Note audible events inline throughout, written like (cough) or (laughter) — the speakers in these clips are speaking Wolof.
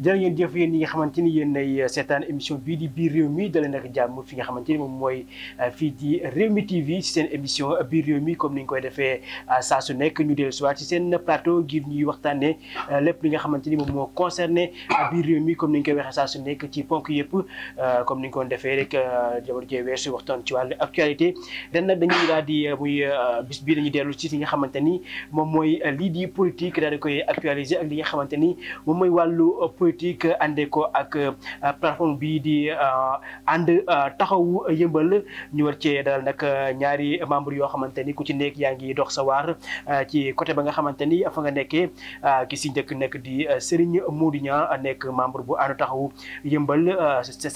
jërë ngeen jëf yéen ñi nga xamante ni yéen ay seetaan émission bii di biir réew mi dala nag jàmm fi nga xamante ni moom mooy euh, comme ni ñu koy defee euh, saa su nekk ñu dellu siwaat si seen plateau ngir ñuy waxtaanee euh, lépp li nga xamante ni moom moo concerné biir réew mi comme ni ñu koy waxee saa su nekk ci ponk yëpp comme ni ñu ko defee rek jamono jee weesu waxtaan ci wàllu actualité ren nag dañuy daal di muy bis bii dañuy dellu ci li nga ni moom mooy lii di politique daal di koy actualiser ak li nga xamante ni moom mooy wàllu politique àndee ko ak euh, bii di euh, ànd euh, taxawu yëmbal ñu war cee dalal nag ñaari membre yoo xamante ni ku ci nekk yaa ngi dox sa ci côté ba nga xamante ni nga nekkee ki si njëkk nekk di Serigne Modou nekk membre bu ànd taxawu yëmbal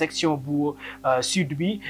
section bu sud bi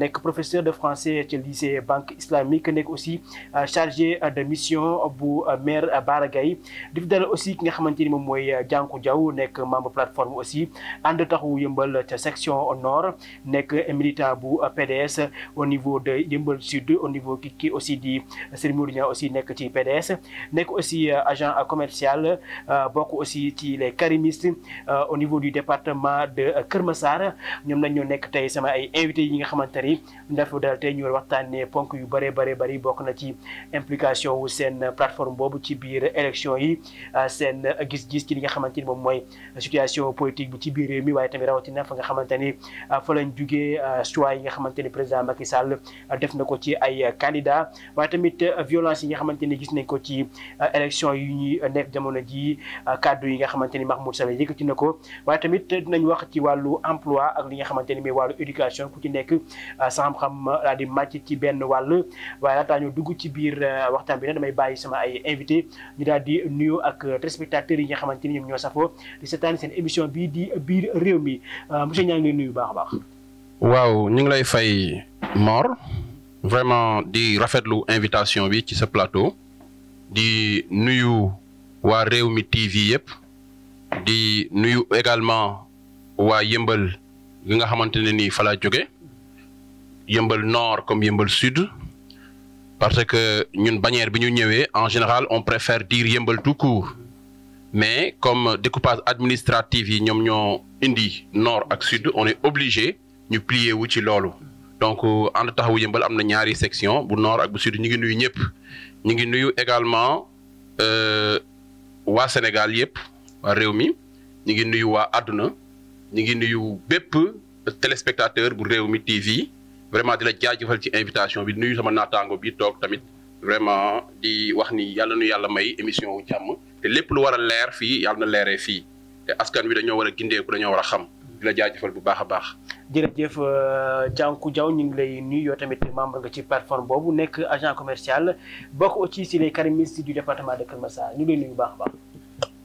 nekk professeur de français ci lycée banque islamique nekk aussi chargé de mission bu maire Bara Gaye di aussi ki nga xamante moom mooy Diankou Diaw nekk membre membre plateforme aussi ànd taxawu yëmbal ca section nord nekk militant bu PDS au niveau de yëmbal sud au niveau ki ki aussi di Serigne Modou aussi nekk ci PDS nekk aussi euh, agent commercial euh, bokk aussi ci les karimistes euh, au niveau du département de Kër Massar ñoom nag ñoo nekk tey sama ay invité yi nga xamante ni dafa dal tey ñu war waxtaanee ponk yu bëree bëri bëri bokk na ci implication wu seen plateforme boobu ci biir élection yi seen gis-gis ci li nga xamante situation politique bi ci biir réew mi waaye tamit rawatina fa nga xamante ni ah, fa lañ jugee ah, choix yi nga xamante ni président Macky Sall ah, def na ko ci ay candidat waaye tamit violence yi nga xamante ni gis nañ ko ci élection yu ñuy nekk ji kaddu yi nga xamante ni Mahmoud Saleh yëkkati na ko waaye tamit dinañ wax ci wàllu emploi ak li nga xamante ni mooy wàllu éducation ku ci nekk sa xam-xam di màcc ci benn wàll waaye laataa ñu dugg ci biir waxtaan bi nag damay bàyyi sama ay invité ñu daal di ak téléspectateurs yi nga xamante ni ñoom ñoo safoo seen émission bii di biir réew mi euh, monsieur Niang ngi nuyu baax baax. waaw ñu ngi lay fay Mor vraiment di rafetlu invitation bi ci sa plateau di nuyu waa réew mi TV yëpp di nuyu également waa yëmbal gi nga xamante ne nii fa jóge yëmbal nord comme yëmbal sud. parce que ñun bannière bi ñu ñëwee en général on préfère dire yëmbal tout court mais comme découpage administratif yi ñoom ñoo indi nord ak sud on est obligé ñu plier wu ci loolu donc euh, ànd taxawu yëmbal am na ñaari section bu noor ak bu sud ñu ngi nuyu ñëpp ñu ngi nuyu également euh, waa Sénégal yëpp waa réew mi ñu ngi nuyu waa àdduna ñu ngi nuyu bépp téléspectateur bu réew mi TV vraiment di la jaajëfal ci invitation bi nuyu sama naataango bi toog tamit vraiment di wax ni yàlla nu yàlla may émission wu jàmm te lépp lu war a leer fii yàlla na leeree fii te askan wi dañoo war a gindeeku dañoo war a xam di la jaajëfal bu baax a baax. jërëjëf euh, Diankou Diaw ñu ngi lay nuyu yow tamit membre nga ci plateforme boobu nekk agent commercial bokk aussi si les karimistes du département de Kër Massar ñu ngi lay nuyu baax a baax.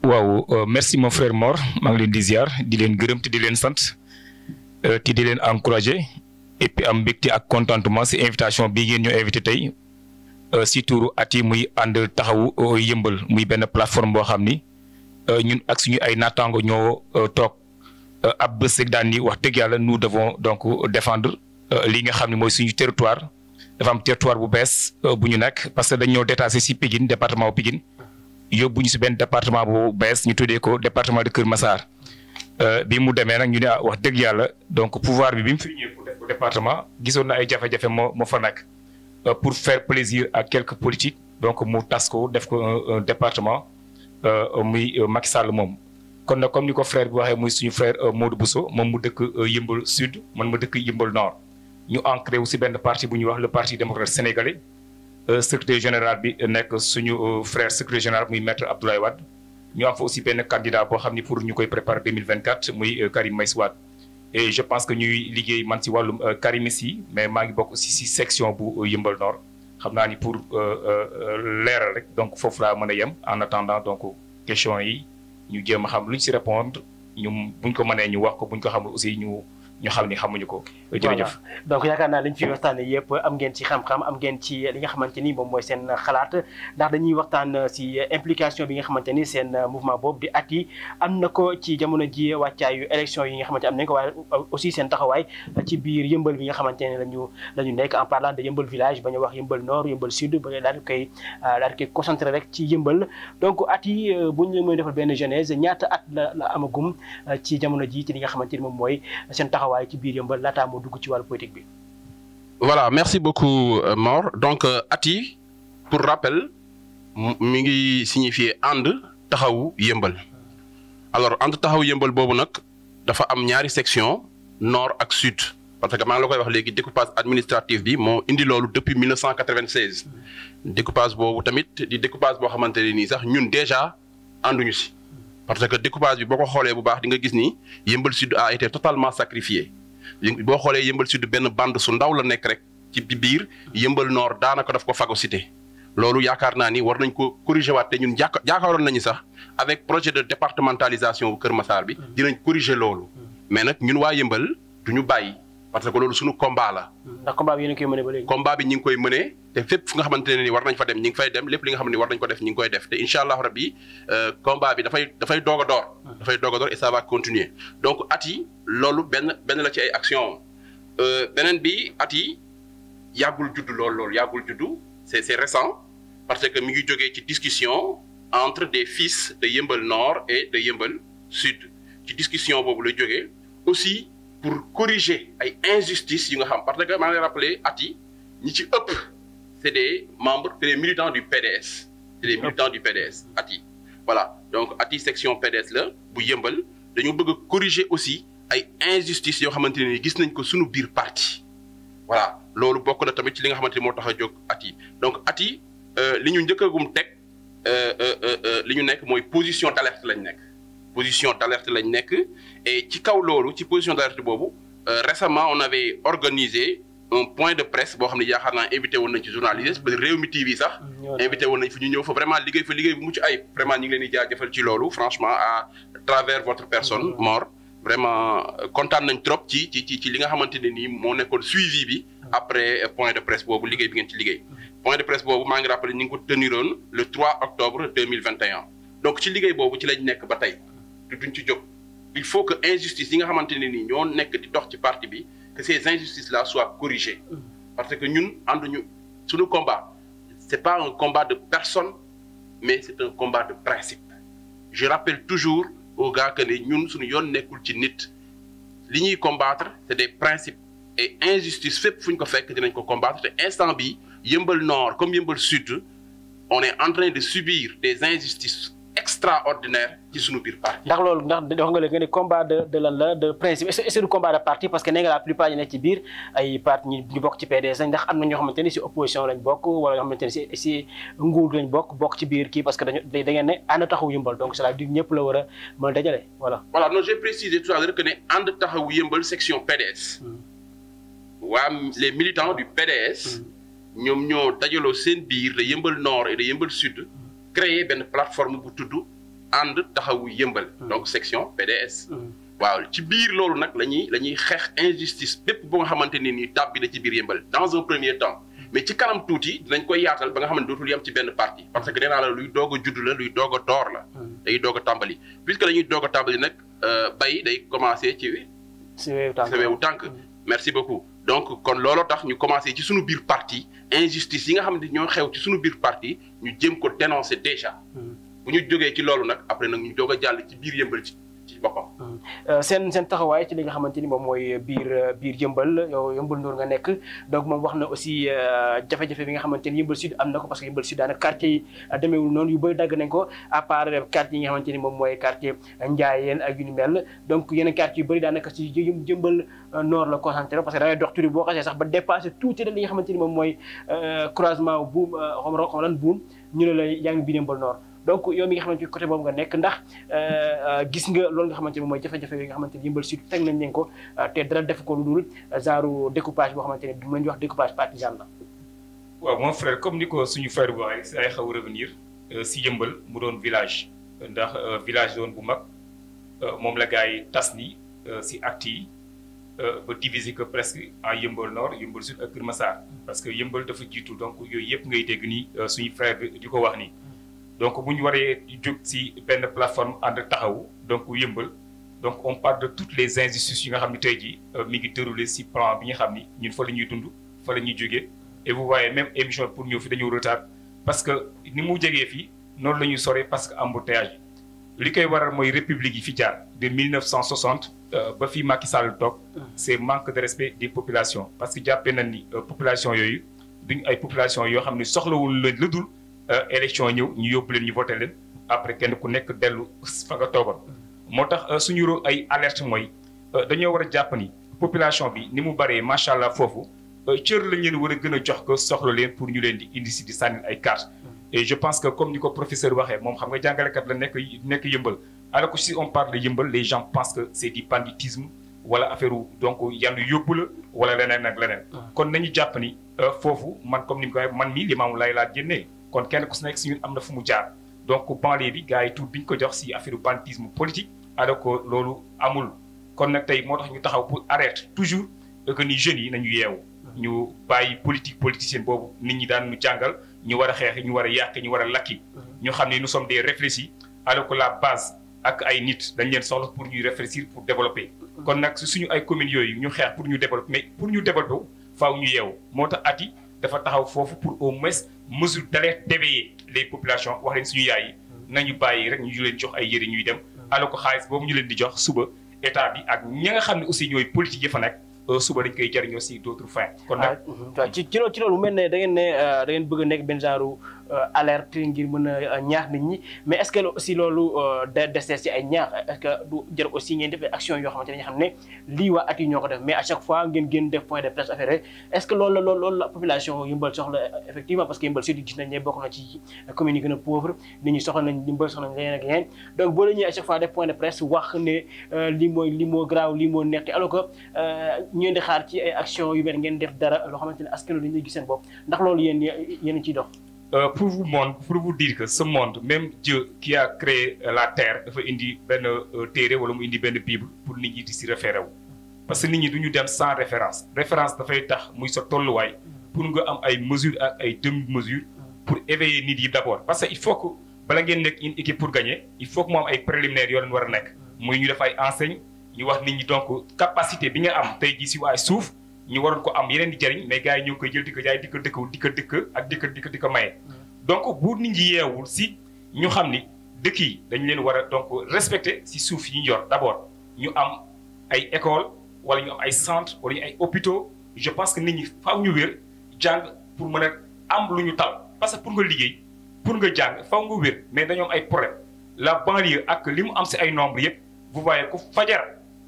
waaw euh, merci mon frère Mor maa ngi leen di ziar di leen gërëm te di leen sant euh, te di leen encouragé et puis am mbégte ak contentement si invitation bii ngeen ñu invité tey Euh, si tuuru at yi muy ànd taxawu euh, yëmbal muy benn plateforme boo xam ni euh, ñun ak suñu ay naataango ñoo toog ab bés rek daan ni wax dëgg yàlla nous devons donc défendre li nga xam ne mooy suñu territoire dafa am territoire bu bees bu ñu nekk parce que dañoo détaché si Pikine département bu Pikine yóbbu si benn département bu bees ñu tuddee ko département de Kër Massar bi mu demee nag ñu ne ah, wax dëgg yàlla donc pouvoir bi bi mu fi ñëwee pour département gisoon na ay jafe-jafe moo moo fa nekk. Euh, pour faire plaisir a quelques politiques donc mu tas ko def ko un département euh, euh, muy Macky Sall moom. kon na comme ni ko frère bi waxee muy suñu frère Modou Bousso moom mu dëkk Yëmbal Sud man ma dëkk Yëmbal Nord ñu ancré wu si benn parti bu ñuy wax le parti démocrate sénégalais secrétaire général bi nekk suñu frère secrétaire général muy maître Abdoulaye Wade ñu am fa aussi benn candidat boo xam ni pour ñu koy préparer 2024 muy Karim Meïssa Wade et je pense que ñuy liggéey man si wàllum euh, karimis yi mais maa ngi bokk aussi ci section bu euh, Yëmbal xam naa ni pour euh, leeral rek donc foofu laa mën a yem en attendant donc question yi ñu jëm a xam lu ñu ci répondre ñu buñ ko mënee ñu wax ko buñ ko xamul aussi ñu ñu xam ni xamuñu ko. jërëjëf donc yaakaar naa liñ fi waxtaanee yëpp am ngeen ci xam-xam am ngeen ci li nga xamante ni moom mooy seen xalaat ndax dañuy waxtaan euh, si euh, implication bi nga xamante ni seen euh, mouvement boobu di at yi am na ko ci jamono ji wàccaayu élection yi nga xamante am nañ ko waaye aussi seen taxawaay ci yëmbal bi nga xamante ne lañu la nekk en parlant de yëmbal ba ñu wax yëmbal nord yëmbal sud ba daal di koy rek ci yëmbal donc at yi bu ñu leen mooy defal benn genèse ñaata at la amagum ci jamono ji ci li nga xamante ni moom mooy seen taxaw waaye ci biir yëmbal laataa moo dugg ci wàllu politique bi. voilà merci beaucoup euh, Mor donc euh, Ati pour rappel mi ngi signifier ànd taxawu yëmbal alors ànd taxawu yëmbal boobu nag dafa am ñaari section nord ak sud parce que maa ngi la koy wax léegi découpage administratif bi moo indi loolu depuis 1996 découpage boobu tamit di découpage boo xamante ne nii sax ñun déjà ànduñu si. parce que découpage bi boo ko xoolee bu baax di nga gis ni Yeumbeul Sud a été totalement sacrifié boo xoolee Yeumbeul Sud benn band su ndaw la nekk rek ci biir Yeumbeul noor daanaka daf ko phagocyté loolu yaakaar naa ni war nañ ko corriger waat te ñun yaakaaroon nañu sax avec projet de départementalisation bu Kër Massar bi mm. dinañ corriger loolu mm. mais nag ñun waa yëmbal du ñu bàyyi parce que loolu suñu combat la. ndax combat bi koy mënee ngi koy mënee te fépp fu nga xamante ni war nañ fa dem ñi ngi fay dem lépp li nga xam ne war ko def ñi ngi koy def te incha allah rabbi euh, combat bi dafay dafay doog a door. Hmm. dafay doog a door et ça continuer donc at yi loolu benn benn la ci ay action euh, beneen bi at yi yàggul juddu lool lool yàggul juddu c'est c'est récent parce que mi ngi jógee ci discussion entre des fils de Yeumbeul Nord et de Yeumbeul Sud ci discussion boobu lay jóge aussi. pour corriger ay injustices yu nga xam parce que maa ngi rappelé at yi ñi ci ëpp c'est des membres c'est des militants du PDS c'est des militants du PDS at yi voilà donc at yi section PDS la bu yëmbal dañu bëgg a aussi ay injustices yoo xamante ne gis nañ ko suñu biir parti voilà loolu bokk na tamit ci li nga xamante ni moo tax a jóg at yi donc at yi euh, li ñu njëkkagum teg euh, euh, li ñu nekk mooy position d'alerte lañ nekk position d'alerte lañ nekk et ci kaw loolu ci position d'alerte boobu euh, récemment on avait organisé un point de presse boo xam naa invité woon nañ ci journaliste ba réew mi TV sax mm, invité woon nañ fi ñu ñëw fa vraiment liggéey fa liggéey bu mucc ayib vraiment ñu ngi leen di jaajëfal ci loolu franchement à travers votre personne mm-hmm. Mor vraiment euh, kontaan nañ trop ci ci ci li nga xamante ne nii moo nekkoon suivi bi mm-hmm. après euh, point de presse boobu liggéey bi ngeen ci liggéey mm-hmm. point de presse boobu maa ngi rappelé ñu ngi ko teniroon le 3 ci liggéey boobu nekk ba tey te duñ ci jog il faut que injustice yi nga xamante ne nii ñoo nekk di dox ci parti bi que ces injustices là soient corrigées mm. parce que ñun ànduñu suñu combat c'est pas un combat de personne mais c'est un combat de principe je rappelle toujours au gars que ne ñun suñu yoon nekkul ci nit li ñuy combatre c'est des principes et injustice fépp fu ñu ko fekk dinañ ko combattre te instant bi yëmbal nord comme yëmbal sud on est en train de subir des injustices extraordinaire ci suñu biir parti. ndax loolu ndax wax nga léegi ne combat de de lan la de principe est de parti parce que nee nga la plupart ñi ci biir ay parti ñu bokk ci am na ñoo xamante ni si opposition lañ bokk wala ñoo ci biir kii parce que dañu da ngeen ne ànd taxawu yëmbal donc cela dit ñëpp la war a mën a dajale voilà. voilà non j'ai précisé tout à l'heure que ne ànd taxawu yëmbal section PDS. Hmm. waa les militants du PDS. Hmm. ñoom ñoo dajaloo seen biir de yëmbal nord et yëmbal sud. créer benn plateforme bu tudd ànd taxawu yëmbal hmm. donc section PDS hmm. waaw ci biir loolu nag la ñuy la ñuy xeex injustice bépp bu nga xamante ne nii tàbbi ci biir yëmbal dans un premier temps hmm. mais ci kanam tuuti dinañ koy yaatal ba nga xam ne dootul yem ci benn parti parce que nee la luy doog a judd la luy doog a door la day doog a tàmbali puisque la ñuy doog a tàmbali nag euh, bay day commencé ci ci wewu tànk merci beaucoup donc kon looloo tax ñu commencé ci suñu biir parti injustice yi nga xam ne ñoo xew ci suñu biir parti ñu jëm ko dénoncer déjà. Hmm. bu ñu jógee ci loolu nag après nag ñu doog jàll ci biir yëmbal ci boppam. Hmm. Euh, seen seen taxawaay ci li nga xamante ni moom mooy biir euh, biir yëmbal yow yëmbal Ndour nga nekk donc moom wax na aussi euh, jafe-jafe bi nga xamante ni yëmbal sud am na ko parce que yëmbal sud daanaka quartier yi demeewul noonu yu bëri dagg nañ ko à yi nga xamante ni moom mooy quartier Ndiayeen ak yu ni mel donc yeneen quartier yu bëri daanaka si yëmbal nord la concentré parce que da ngay dox turi boo xasee sax ba dépassé tuuti li nga xamante ni moom mooy croisement buum xam nga lan buum ñu ne la yaa ngi biir yëmbal noor donc yow mi nga xamante ni côté boobu nga nekk ndax euh, euh, gis nga loolu nga xamante ni mooy jafe-jafe yi nga xamante ni Yeumbeul Sud teg nañ leen ko euh, te dara def ko lu dul genre découpage boo xamante ni du ma ñu wax découpage partisan la. waaw mon frère comme ni ko suñu frère bu waxee si ay xaw si Yeumbeul mu doon village ndax village doon bu mag moom la gars yi tas ni si acte yi ba diviser ko presque en yëmbal Nord Yeumbeul Sud ak Kër parce que yëmbal dafa jiitu donc yooyu yëpp ngay dégg nii suñu frère bi di ko wax nii. donc bu ñu waree jóg si benn plateforme ànd taxawu donc yëmbal donc on parle de toutes les injustices yi nga xam ne tey jii euh, mi ngi déroulé si plan bi ñu xam ni ñun fa la ñuy tund fa la ñuy jógee et vous voyez même émission pour ñëw fi dañoo retard parce que ni mu jegee fii noonu la ñuy soree parce que embouteillage yi li koy waral mooy république yi fi jaar de 1960 euh, ba fii Macky Sall toog c'est manque de respect des population parce que jàppee nañ ni euh, population yooyu duñ ay population yoo xam ne soxlawul la dul Euh, élection ñëw ñu yóbbu leen ñu voté leen après kenn ku nekk dellu fa nga toogoon. moo tax euh, suñu rôle ay alerte mooy euh, dañoo war a jàpp ni population bi ni mu bëree macha allah foofu cër lañ leen war a gën a jox ko soxla leen pour ñu leen di indi si di sànnil ay carte e je pense que comme ni ko professeur waxee moom xam nga jàngalekat la nekk nekk yëmbal alors que si on parle yëmbal les gens pensent que c' est du banditisme wala affaire donc yan yóbbu wala leneen ak leneen. kon nañu jàpp ni foofu man comme ni mu man mii li laay laa génnee. kon kenn ku si nekk si ñun am na fu mu jaar donc banlieue bi gars yi tuut bi ñu ko jox si affaire banditisme politique alors ko loolu amul kon nag tey moo tax ñu taxaw pour arrêter toujours que ni jeunes yi nañu yeewu mhm. ñu bàyyi politique politicienne boobu nit ñi daan ñu jàngal ñu war a xeex ñu war a yàq ñu war a lakki mhm. ñu xam ne nous sommes des réfléchis alors que la base ak ay nit dañ leen soxla pour ñuy réfléchir pour développer mhm. kon nag suñu ay communes yooyu ñu xeex pour ñu développer pour ñu développer faaw ñu yeewu moo tax at dafa taxaw foofu pour au moins mesure d'alerte d'éveiller les population wax leen suñu yaay yi nañu bàyyi rek ñu leen jox ay yëre ñuy dem alors que xaalis boobu ñu leen di jox suba état bi ak ña nga xam ne aussi ñooy politique yi fa nekk euh, suba dañ koy jariñoo si d'autres fins kon nag ah, mhm. ci ci loolu mel ne da ngeen ne euh, da ngeen bëgg nekk benn genre Euh, alerte ngir mën a euh, ñaax nit ñi mais est aussi loolu euh, da desee si ay ñaax est-ce du jër aussi ngeen def action yoo xamante ne xam ne lii waa at yi ñoo ko def mais à ngeen gën def point de presse affaire est-ce que loolu la loolu loolu la population Yeumbeul wax ne lii mooy lii moo graaw lii moo nekk alors que ñeen xaar ci ay action yu mel ngeen def dara loo xamante ne askan wi dañuy gis seen bopp ndax loolu yéen yéen ciy dox Euh, pour vous montrer pour vous dire que ce monde même Dieu qui a créé euh, la terre dafa indi benn euh, téere wala mu indi benn bible pour nit ñi di si référé wu. parce que nit ñi du ñu dem sans référence référence dafay tax muy sa tolluwaay pour nga am ay mesures ay dem mesures pour éveiller nit ñi d' abord parce que il faut que bala ngeen nekk une équipe pour gagner il faut que mu am ay préliminaires yoo leen war a nekk. muy ñu def ay enseigne ñu wax nit ñi donc capacité bi nga am tey jii si suuf. ñu waroon ko am yeneen di jariñ mais gars yi ñoo ngi koy jël di ko jaay di ko dëkk di ko dëkk ak di ko di maye. Mm. donc bu nit ñi yeewul si ñu xam ni dëkk yi dañu leen war a donc respecté si suuf yi ñu yor ñu am ay école wala ñu am ay centre wala ñu ay hôpitaux je pense que nit ñi faw ñu wér jàng pour mën a am lu ñu tal parce que pour nga liggéey pour nga jàng faaw nga wér mais dañoo am ay problème la banlieue ak li mu am si ay nombre yëpp vous voyez ku fajar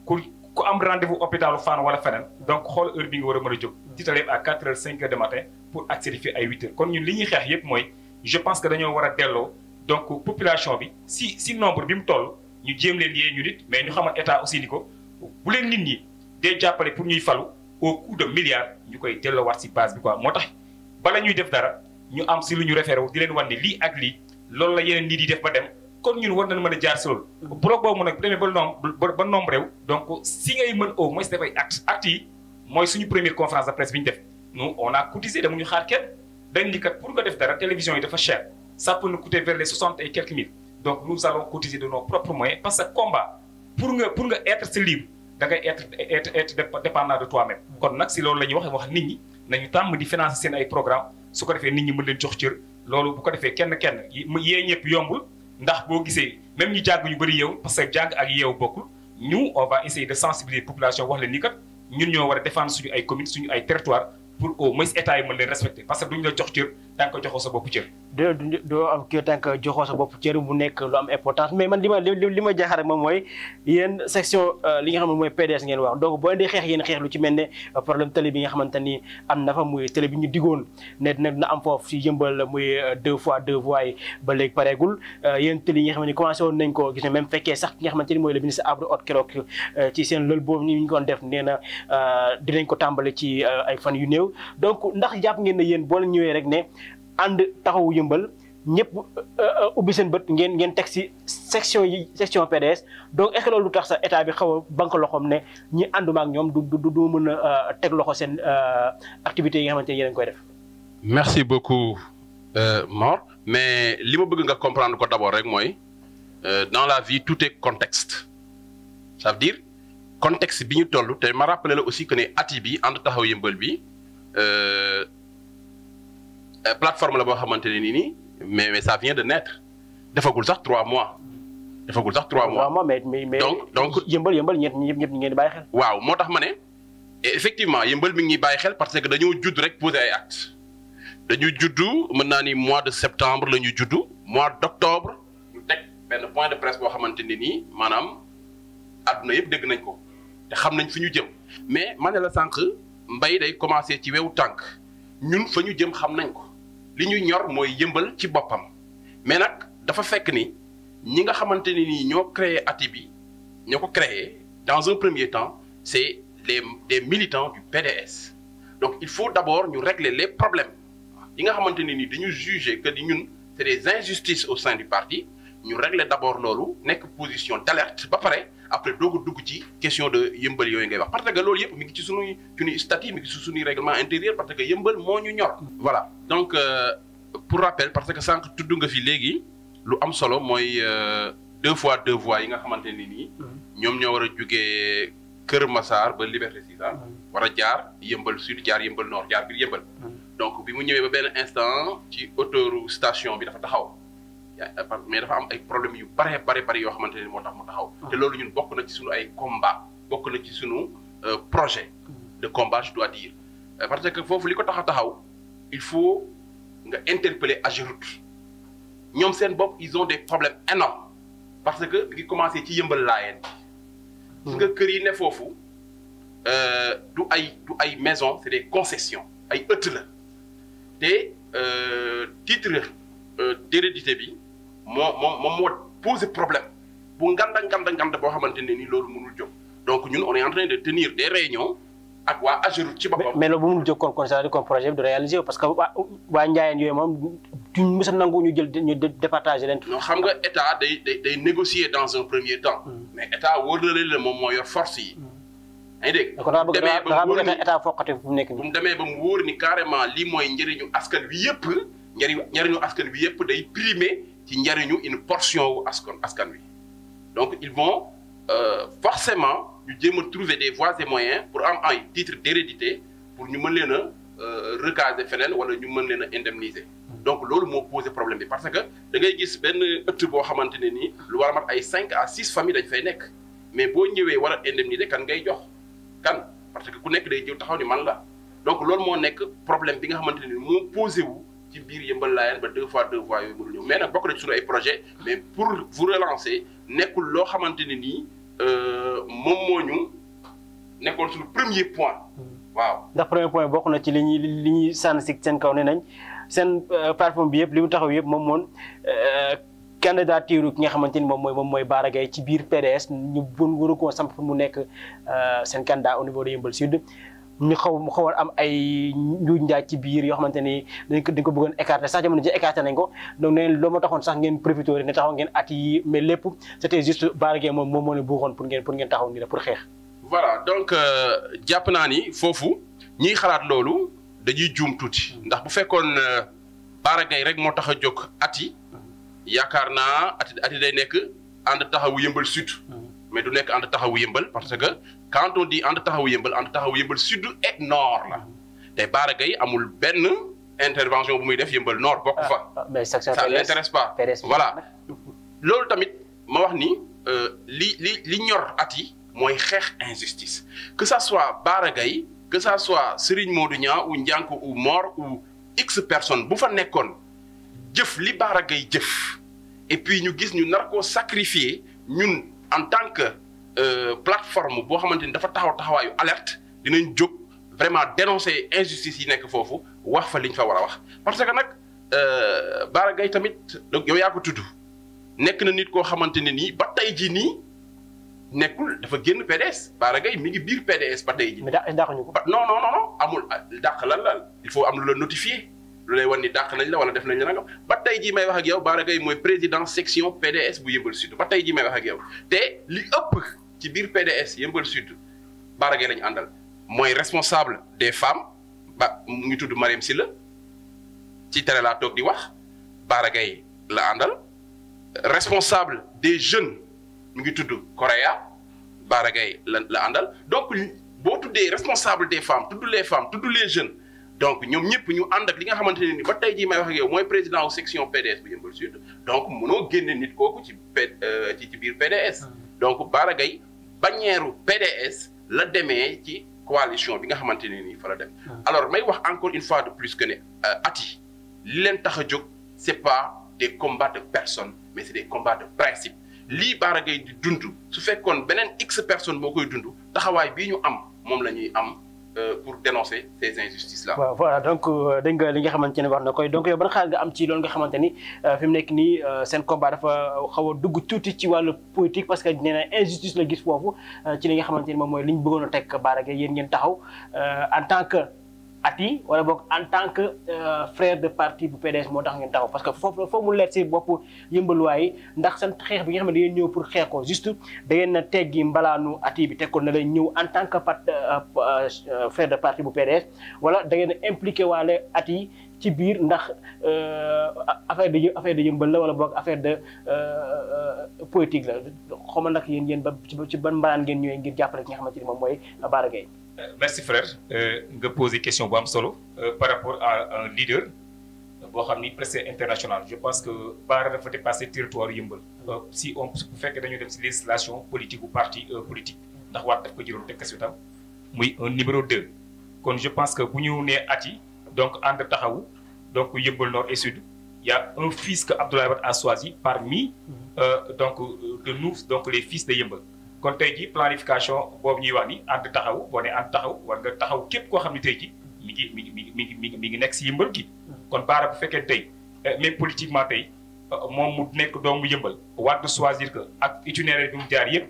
ku. ku am rendez-vous hôpitalu Fann a feneen donc xool heure bi nga war a mën a jóg jiital yëpp à 4 heures 5 heures de matin pour accéder fii ay 8 heures kon ñun li ñuy xeex yëpp mooy je pense que dañoo war a delloo donc population bi si si nombre bi mu toll ñu jéem leen yee ñu nit mais ñu xamal état aussi ni ko bu leen nit ñi dee jàppale pour ñuy falu au coût de milliards ñu koy delloowaat si base bi quoi moo tax bala ñuy def dara ñu am si lu ñu référé wu di leen wan ne lii ak loolu la yeneen nit yi def ba dem. kon ñun war nañ mën a jaar si loolu. Mm-hmm. bloc boobu mu nag bu mooy suñu première conférence de presse bi ñu def a cotisé dama ñu xaar kenn pour nga dafa cher ça peut nous coûter vers les soixante et quelques mille donc nous allons cotiser de nos propres moyens pour nga pour nga être si libre être dépendant de toi-même. Mm-hmm. kon nag si loolu la ñuy wax wax nit ñi nañu tàmm di financer seen ay programme su ko defee nit ñi mën leen jox cër loolu bu ko defee kenn kenn yee ñëpp yombul. ndax boo gisee même ñu jàng ñu bëri yeew parce que jàng ak yeew bokkul ñu on va essayer de sensibiliser population wax leen ni kat ñun ñoo war a défendre suñu ay communes suñu ay territoire pour au moins état yi mën leen respecter parce que duñu la jox cër tànk joxoo sa bopp cër. doo sa bopp cër mu nekk lu am importance mais man li ma li ma jaaxal moom mooy yéen section euh, li nga xam ne mooy PDS ngeen wax donc boo xeex yéen xeex lu ci mel ne euh, problème télé bi nga xamante ni am na fa muy télé bi ñu digoon ne dina am foofu si yëmbal muy euh, deux fois deux voies ba léegi pareegul yéen télé yi nga xam ne commencé woon nañ ko gis ne même fekkee sax ki nga xamante ni mooy le ministre Abdou Hott keroog ci seen lël boobu ñu ko doon def nee na dinañ ko tàmbali ci ay fan yu néew donc ndax jàpp ngeen ne yéen boo leen ñëwee rek ne ànd taxawu yëmbal ñëpp euh, euh, ubbi seen bët ngeen ngeen teg si section yi section PDS donc est lu tax sa état bi xaw a banque loxoom ne ñi ànduma ak ñoom du du mën a euh, teg loxo seen activités yi nga xamante ne yéen koy def. merci beaucoup Mor. mais li ma bëgg nga comprendre ko d'abord rek mooy dans la vie tout est contexte ça veut dire contexte bi ñu toll te ma rappeler la aussi que ne at bi ànd taxaw yëmbal bi. Euh, plateforme la boo xamante ne nii mais mais sa vient de naître defagul sax trois mois. defagul sax trois mois mais mais donc donc yëmbal yëmbal ñett ñi ñëpp ñi ngeen di bàyyi xel. waaw moo tax ma ne effectivement yëmbal mi ngi bàyyi xel parce que dañoo judd rek poser ay actes dañu juddu mën naa ni mois de septembre la ñu judd mois d' octobre ñu benn point de presse boo xamante ne nii maanaam àdduna yëpp dégg nañ ko te xam nañ fi ñu jëm. mais ma ne la sànq mbay day commencé ci wewu tànk ñun fa ñu jëm xam nañ ko. li ñu ñor mooy yëmbal ci boppam mais nag dafa fekk ni ñi nga xamante ne ni ñoo créé ati bi ñoo ko créer dans un premier temps c'est les des militants du PDS donc il faut d'abord ñu régler les problèmes yi nga xamante ne ni dañu juger que di ñun c'est des injustices au sein du parti ñu régler d'abord loolu nekk position d'alerte ba pare après doog a dugg ci question de yëmbal yooyu ngay wax parce que loolu yëpp mi ngi ci suñuy suñuy statut mi ngi ci suñuy règlement intérieur parce que yëmbal moo ñu ñor. voilà donc euh, pour rappel parce que sànq tudd nga fi léegi lu am solo mooy euh, deux fois deux voies yi nga xamante ne nii. Mm-hmm. ñoom ñoo war a jugee Kër Massar ba Liberté 6 mm-hmm. war a jaar yëmbal sud jaar yëmbal nord jaar biir yëmbal. Mm-hmm. donc bi mu ñëwee ba benn instant ci autoroute station bi dafa taxaw. mais dafa am ay problème yu bare bare bare yoo xamante ne moo tax mu taxaw. Ah. te loolu ñun bokk na ci suñu ay combat bokk na ci suñu euh, projet. de combat je dois euh, parce que foofu li ko tax a taxaw il faut nga interpeller Ageroute ñoom seen bopp ils ont des problèmes énormes parce que li commencé ci yëmbal laayeen bi. nga hmm. kër yi ne foofu euh, du ay du ay maison c'est des concessions ay ëtt la te titre d'hérédité bi. moo moom moom moo posé problème bu nganda nganda nganda boo xamante ne ni loolu mënul jóg donc ñun on est en train de tenir des réunions ak waa Ageroute ci boppam. mais loolu mënul jóg kon kon c'est-à-dire comme projet bi du réalisé parce que waa waa Ndiayeen yooyu moom duñ mës a nangu ñu jël ñu départager leen. non xam nga état day day day négocier dans un premier temps. Hmm. mais état wóor na leen ne moom moo yor force yi. Hmm. yaa ngi dégg demee ba état foqate fu mu nekk nii. bu mu demee ba mu wóor ni carrément lii mooy njëriñu askan wi yëpp njëriñu njëriñu askan wi yëpp day primer. ci njariñu une portion wu askan askan wi donc ils vont euh, forcément ñu jéem a trouver des voies et moyens pour am ay titre d'hérédité pour ñu mën leen a euh, recaser feneen wala ñu mën leen a indemniser donc loolu moo posé problème bi parce que da ngay gis benn ëtt boo xamante ne nii lu war a mat ay cinq à six familles dañ fay nekk mais boo ñëwee war a indemniser kan ngay jox kan parce que ku nekk day jot taxaw ni man la donc loolu moo nekk problème bi nga xamante ne nii posé wu ci biir yëmbal laayeen ba deux fois deux fois yooyu mënul ñëw mais bokk na ci ay projet mais pour vous relancer nekkul loo xamante ne nii euh, moom moo ñu nekkoon suñu premier point hmm. waaw ndax premier point bokk na ci li ñuy li ñuy sànni si seen kaw ne nañ seen euh, plateforme bi yëpp li mu taxaw yëpp moom moon euh, candidature ki nga xamante ni moom mooy moom mooy Bara Gaye ci biir PDS ñu bun waru koo samp mu nekk seen candidat au niveau de Yeumbeul Sud ñu xaw mu xaw am ay njuuj njaaj ci biir yoo xamante ni dañ ko dañ ko bëggoon écarter sax jamono ji écarter nañ ko donc nee loo ma taxoon sax ngeen profité rek ne taxaw ngeen at yi mais lépp c'était juste Bara moom moom moo ne buuxoon pour ngeen pour ngeen taxaw nii la pour donc euh, jàpp naa ni foofu ñiy xalaat loolu dañuy juum tuuti ndax bu fekkoon euh, Bara Gaye rek moo tax a jóg at yi yaakaar naa at yi day nekk ànd taxawu yëmbal sud. Mm-hmm. mais du nekk ànd taxawu yëmbal parce que quand di dit ànd taxawu yëmbal ànd taxawu yëmbal sud et nord la te Bara amul benn intervention bu muy def yëmbal noor bokk fa. Ah, ah, ça ne l'intéresse pas voilà. loolu tamit ma wax ni euh, li li li ñor ati mooy xeex injustice que sa soit Bara Gaye que ça soit Serigne Modou Niang ou Ndiankou ou Mor ou x personne bu fa nekkoon jëf li Bara jëf et puis ñu gis ñu nar ko sacrifier ñun en tant que. Euh, plateforme boo xamante ni dafa taxaw taxawaayu alerte dinañ jóg vraiment dénoncer injustice yi nekk foofu wax fa liñ fa war a wax. parce que nag euh, Bara Gaye tamit yow yaa ko nekk na nit koo xamante ne nii ba tey jii nii nekkul dafa génn PDS Bara Gaye mi ngi biir PDS ba tey jii. mais dàq ñu lan la il faut am lu la notifier. lu lay wan ni la wala def nañ la nangam ba tey jii may wax ak yow Bara mooy président section PDS bu Yeumbeul Sud ba tey jii may wax ak yow te li ëpp. ci biir PDS Yeumbeul Sud Bara Gaye la àndal mooy responsable des femmes ba mu ngi tudd Mariam Sylla ci télé laa toog di wax Bara Gaye la àndal responsable des jeunes mu ngi tudd Correa Bara Gaye la la àndal donc boo tuddee responsable des femmes tudd les femmes tudd les jeunes donc ñoom ñëpp ñu ànd ak li nga xamante ne ni ba tey jii may wax yow mooy président wu section PDS bu Yeumbeul Sud donc mënoo génnee nit kooku ci euh, ci biir PDS ah. donc Bara Gaye bannière PDS la demee ci coalition bi nga xamante ne nii fa la dem. Ah. alors may wax encore une fois de plus que ne euh, ati li leen tax a jóg c'est pas des combats de personnes mais c'est des combats de principe lii Bara Gaye di su fekkoon beneen x personne boo koy dundu taxawaay bii ñu am moom la ñuy am. Euh, pour dénoncer ces injustices là. donc euh, dégg nga li nga xamante ne wax na koy donc yow ban xaar nga am ci lool nga xamante ni euh, fi mu nekk nii seen combat dafa xaw a dugg tuuti ci wàllu politique parce que nee na injustice la gis foofu ci li nga xamante ni moom mooy li ñu bëggoon a teg Bara Gaye yéen ngeen taxaw en tant que. at yi wala boog en tant que euh, frère de parti bu PDS moo tax ngeen taxaw parce que foofu foofu mu leer si bopp yëmbaluwaay ndax seen xeex bi nga xam ne da ngeen ñëw pour xeex ko juste da ngeen na teggi mbalaanu at yi bi teg ko na lay ñëw en tant que part euh, frère de partie bu PDS wala da ngeen a impliqué waale at yi ci biir ndax euh, affaire de affaire de yëmbal la wala boog affaire de politique la xaw ma nag yéen yéen ba ci ban mbalaan ngeen ñëwee ngir jàppale ki nga xamante ni moom mooy Bara Euh, merci frère euh, nga poser question bu am solo euh, par rapport à un leader boo xam ni presse internationale je pense que Bara dafa dépasser territoire yëmbal si on bu fekkee dañu dem si législation politique bu parti politique ndax waat daf ko jëloon teg kese tam muy un numéro 2. kon je pense que bu ñëw nee at yi donc ànd taxawu donc yëmbal nord et sud y a un fils que Abdoulaye Wade a choisi parmi donc de nous donc les fils de yëmbal kon tey ji planification boobu ñuy wax ni ànd taxaw boo ne ànd taxaw war nga taxaw képp koo xam ne tey ji mi ngi mi nekk si yëmbal gi kon baara bu fekkee tey eh, mais politiquement tey eh, moom mu nekk doomu yëmbal war de choisir que ak itinéraire bi mu jaar yëpp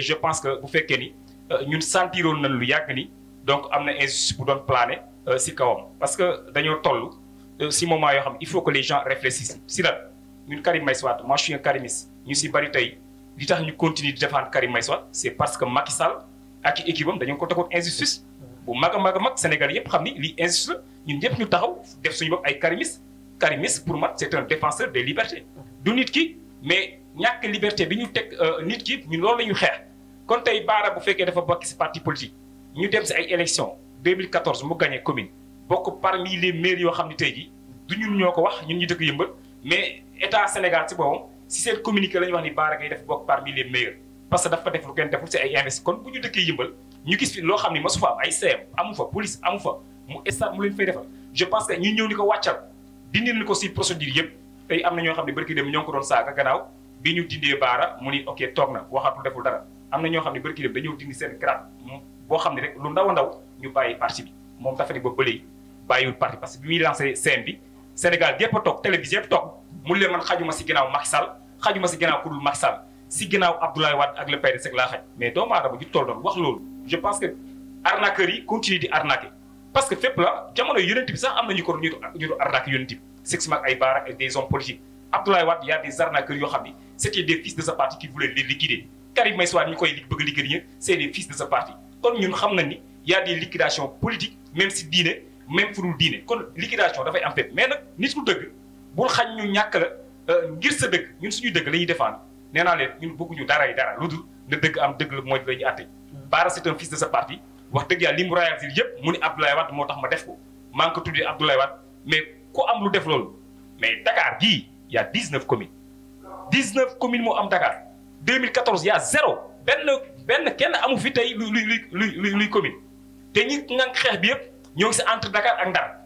je pense que bu fekkee ni eh, ñun sentiroon nañ lu yàgg ni donc am na injustice bu doon plané si kawam parce que dañoo toll si moment yoo xam il faut que les gens réfléchissent si lan ñun Karim Meïssa Wade moi ñu si bari tey li tax ñu continuer di défendre Karim Meïssa c' est parce que Macky Sall ak i équipe am dañoo ko tegoon injustice bu mag a mag a mag Sénégal yëpp xam ni lii injustice la ñun ñëpp ñu taxaw def suñu bopp ay Karimistes Karimistes pour mat c' est un défenseur des libertés. du nit ki mais ñàkk liberté bi ñu teg euh, nit ki ñu loolu la ñu xeex kon tey Baara bu fekkee dafa bokk si parti politique ñu dem si ay élections 2014 mu gagné commune ko parmi les maires yoo xam ne tey jii du ñun ñoo ko wax ñun ñu dëkk yëmbal mais état Sénégal si boppam. si seen communiqué la wax ni Bara Gaye dafa bokk parmi les que dafa def lu kenn deful si ay investi kon bu ñu dëkkee am ay CM amu fa je pense que ñu ñëw ni ko wàccal dindi nañ ko si procédure yëpp tey am na ñoo xam ne dem ñoo ko doon saaga gannaaw ñu dindee Bara mu ni ok toog na waxatul deful dara am na ñoo xam ne barki dem dañoo dindi seen grade boo xam lu ndaw a ñu bàyyi parti bi moom dafa ne ba bële bàyyiwul parti parce que bi muy lancé CM bi Sénégal gépp a toog télévision yëpp toog mun leen man xajuma si ginnaaw Macky Sall xajuma si ginnaaw ku dul Macky si ginnaaw Abdoulaye Wade ak le PDS laa xaj mais doomu aadama ju toll doon wax loolu je pense que arnaqueurs yi continue di arnaquer parce que fépp la jamono yonent bi sax am na ñu ay baar ak des hommes politiques Abdoulaye Wade y a koy bëgg a liquider c'est des fils de sa parti kon ñun xam nañ ni y a des liquidations si diine même fu dul diine kon liquidation dafay am fépp mais nag nit ku dëgg bul xañ ñu ñàkk la euh, ngir sa dëgg ñun suñu dëgg la ñuy défendre nee naa leen ñun bëgguñu daray dara lu dul la dëgg am dëgg la mooy la ñuy àtte Bara c'est un fils de sa parti wax dëgg yàlla li mu réalisé yëpp mu ni Abdoulaye Wade moo tax ma def ko maa ngi ko tuddee Abdoulaye Wade mais ku am lu def loolu mais Dakar gii y' a 19 communes 19 communes moo am Dakar 2014 y' a zéro benn benn kenn amu fi tey luy luy luy luy commune te ñi nga xeex bi yëpp ñoo ngi entre Dakar ak Ndar.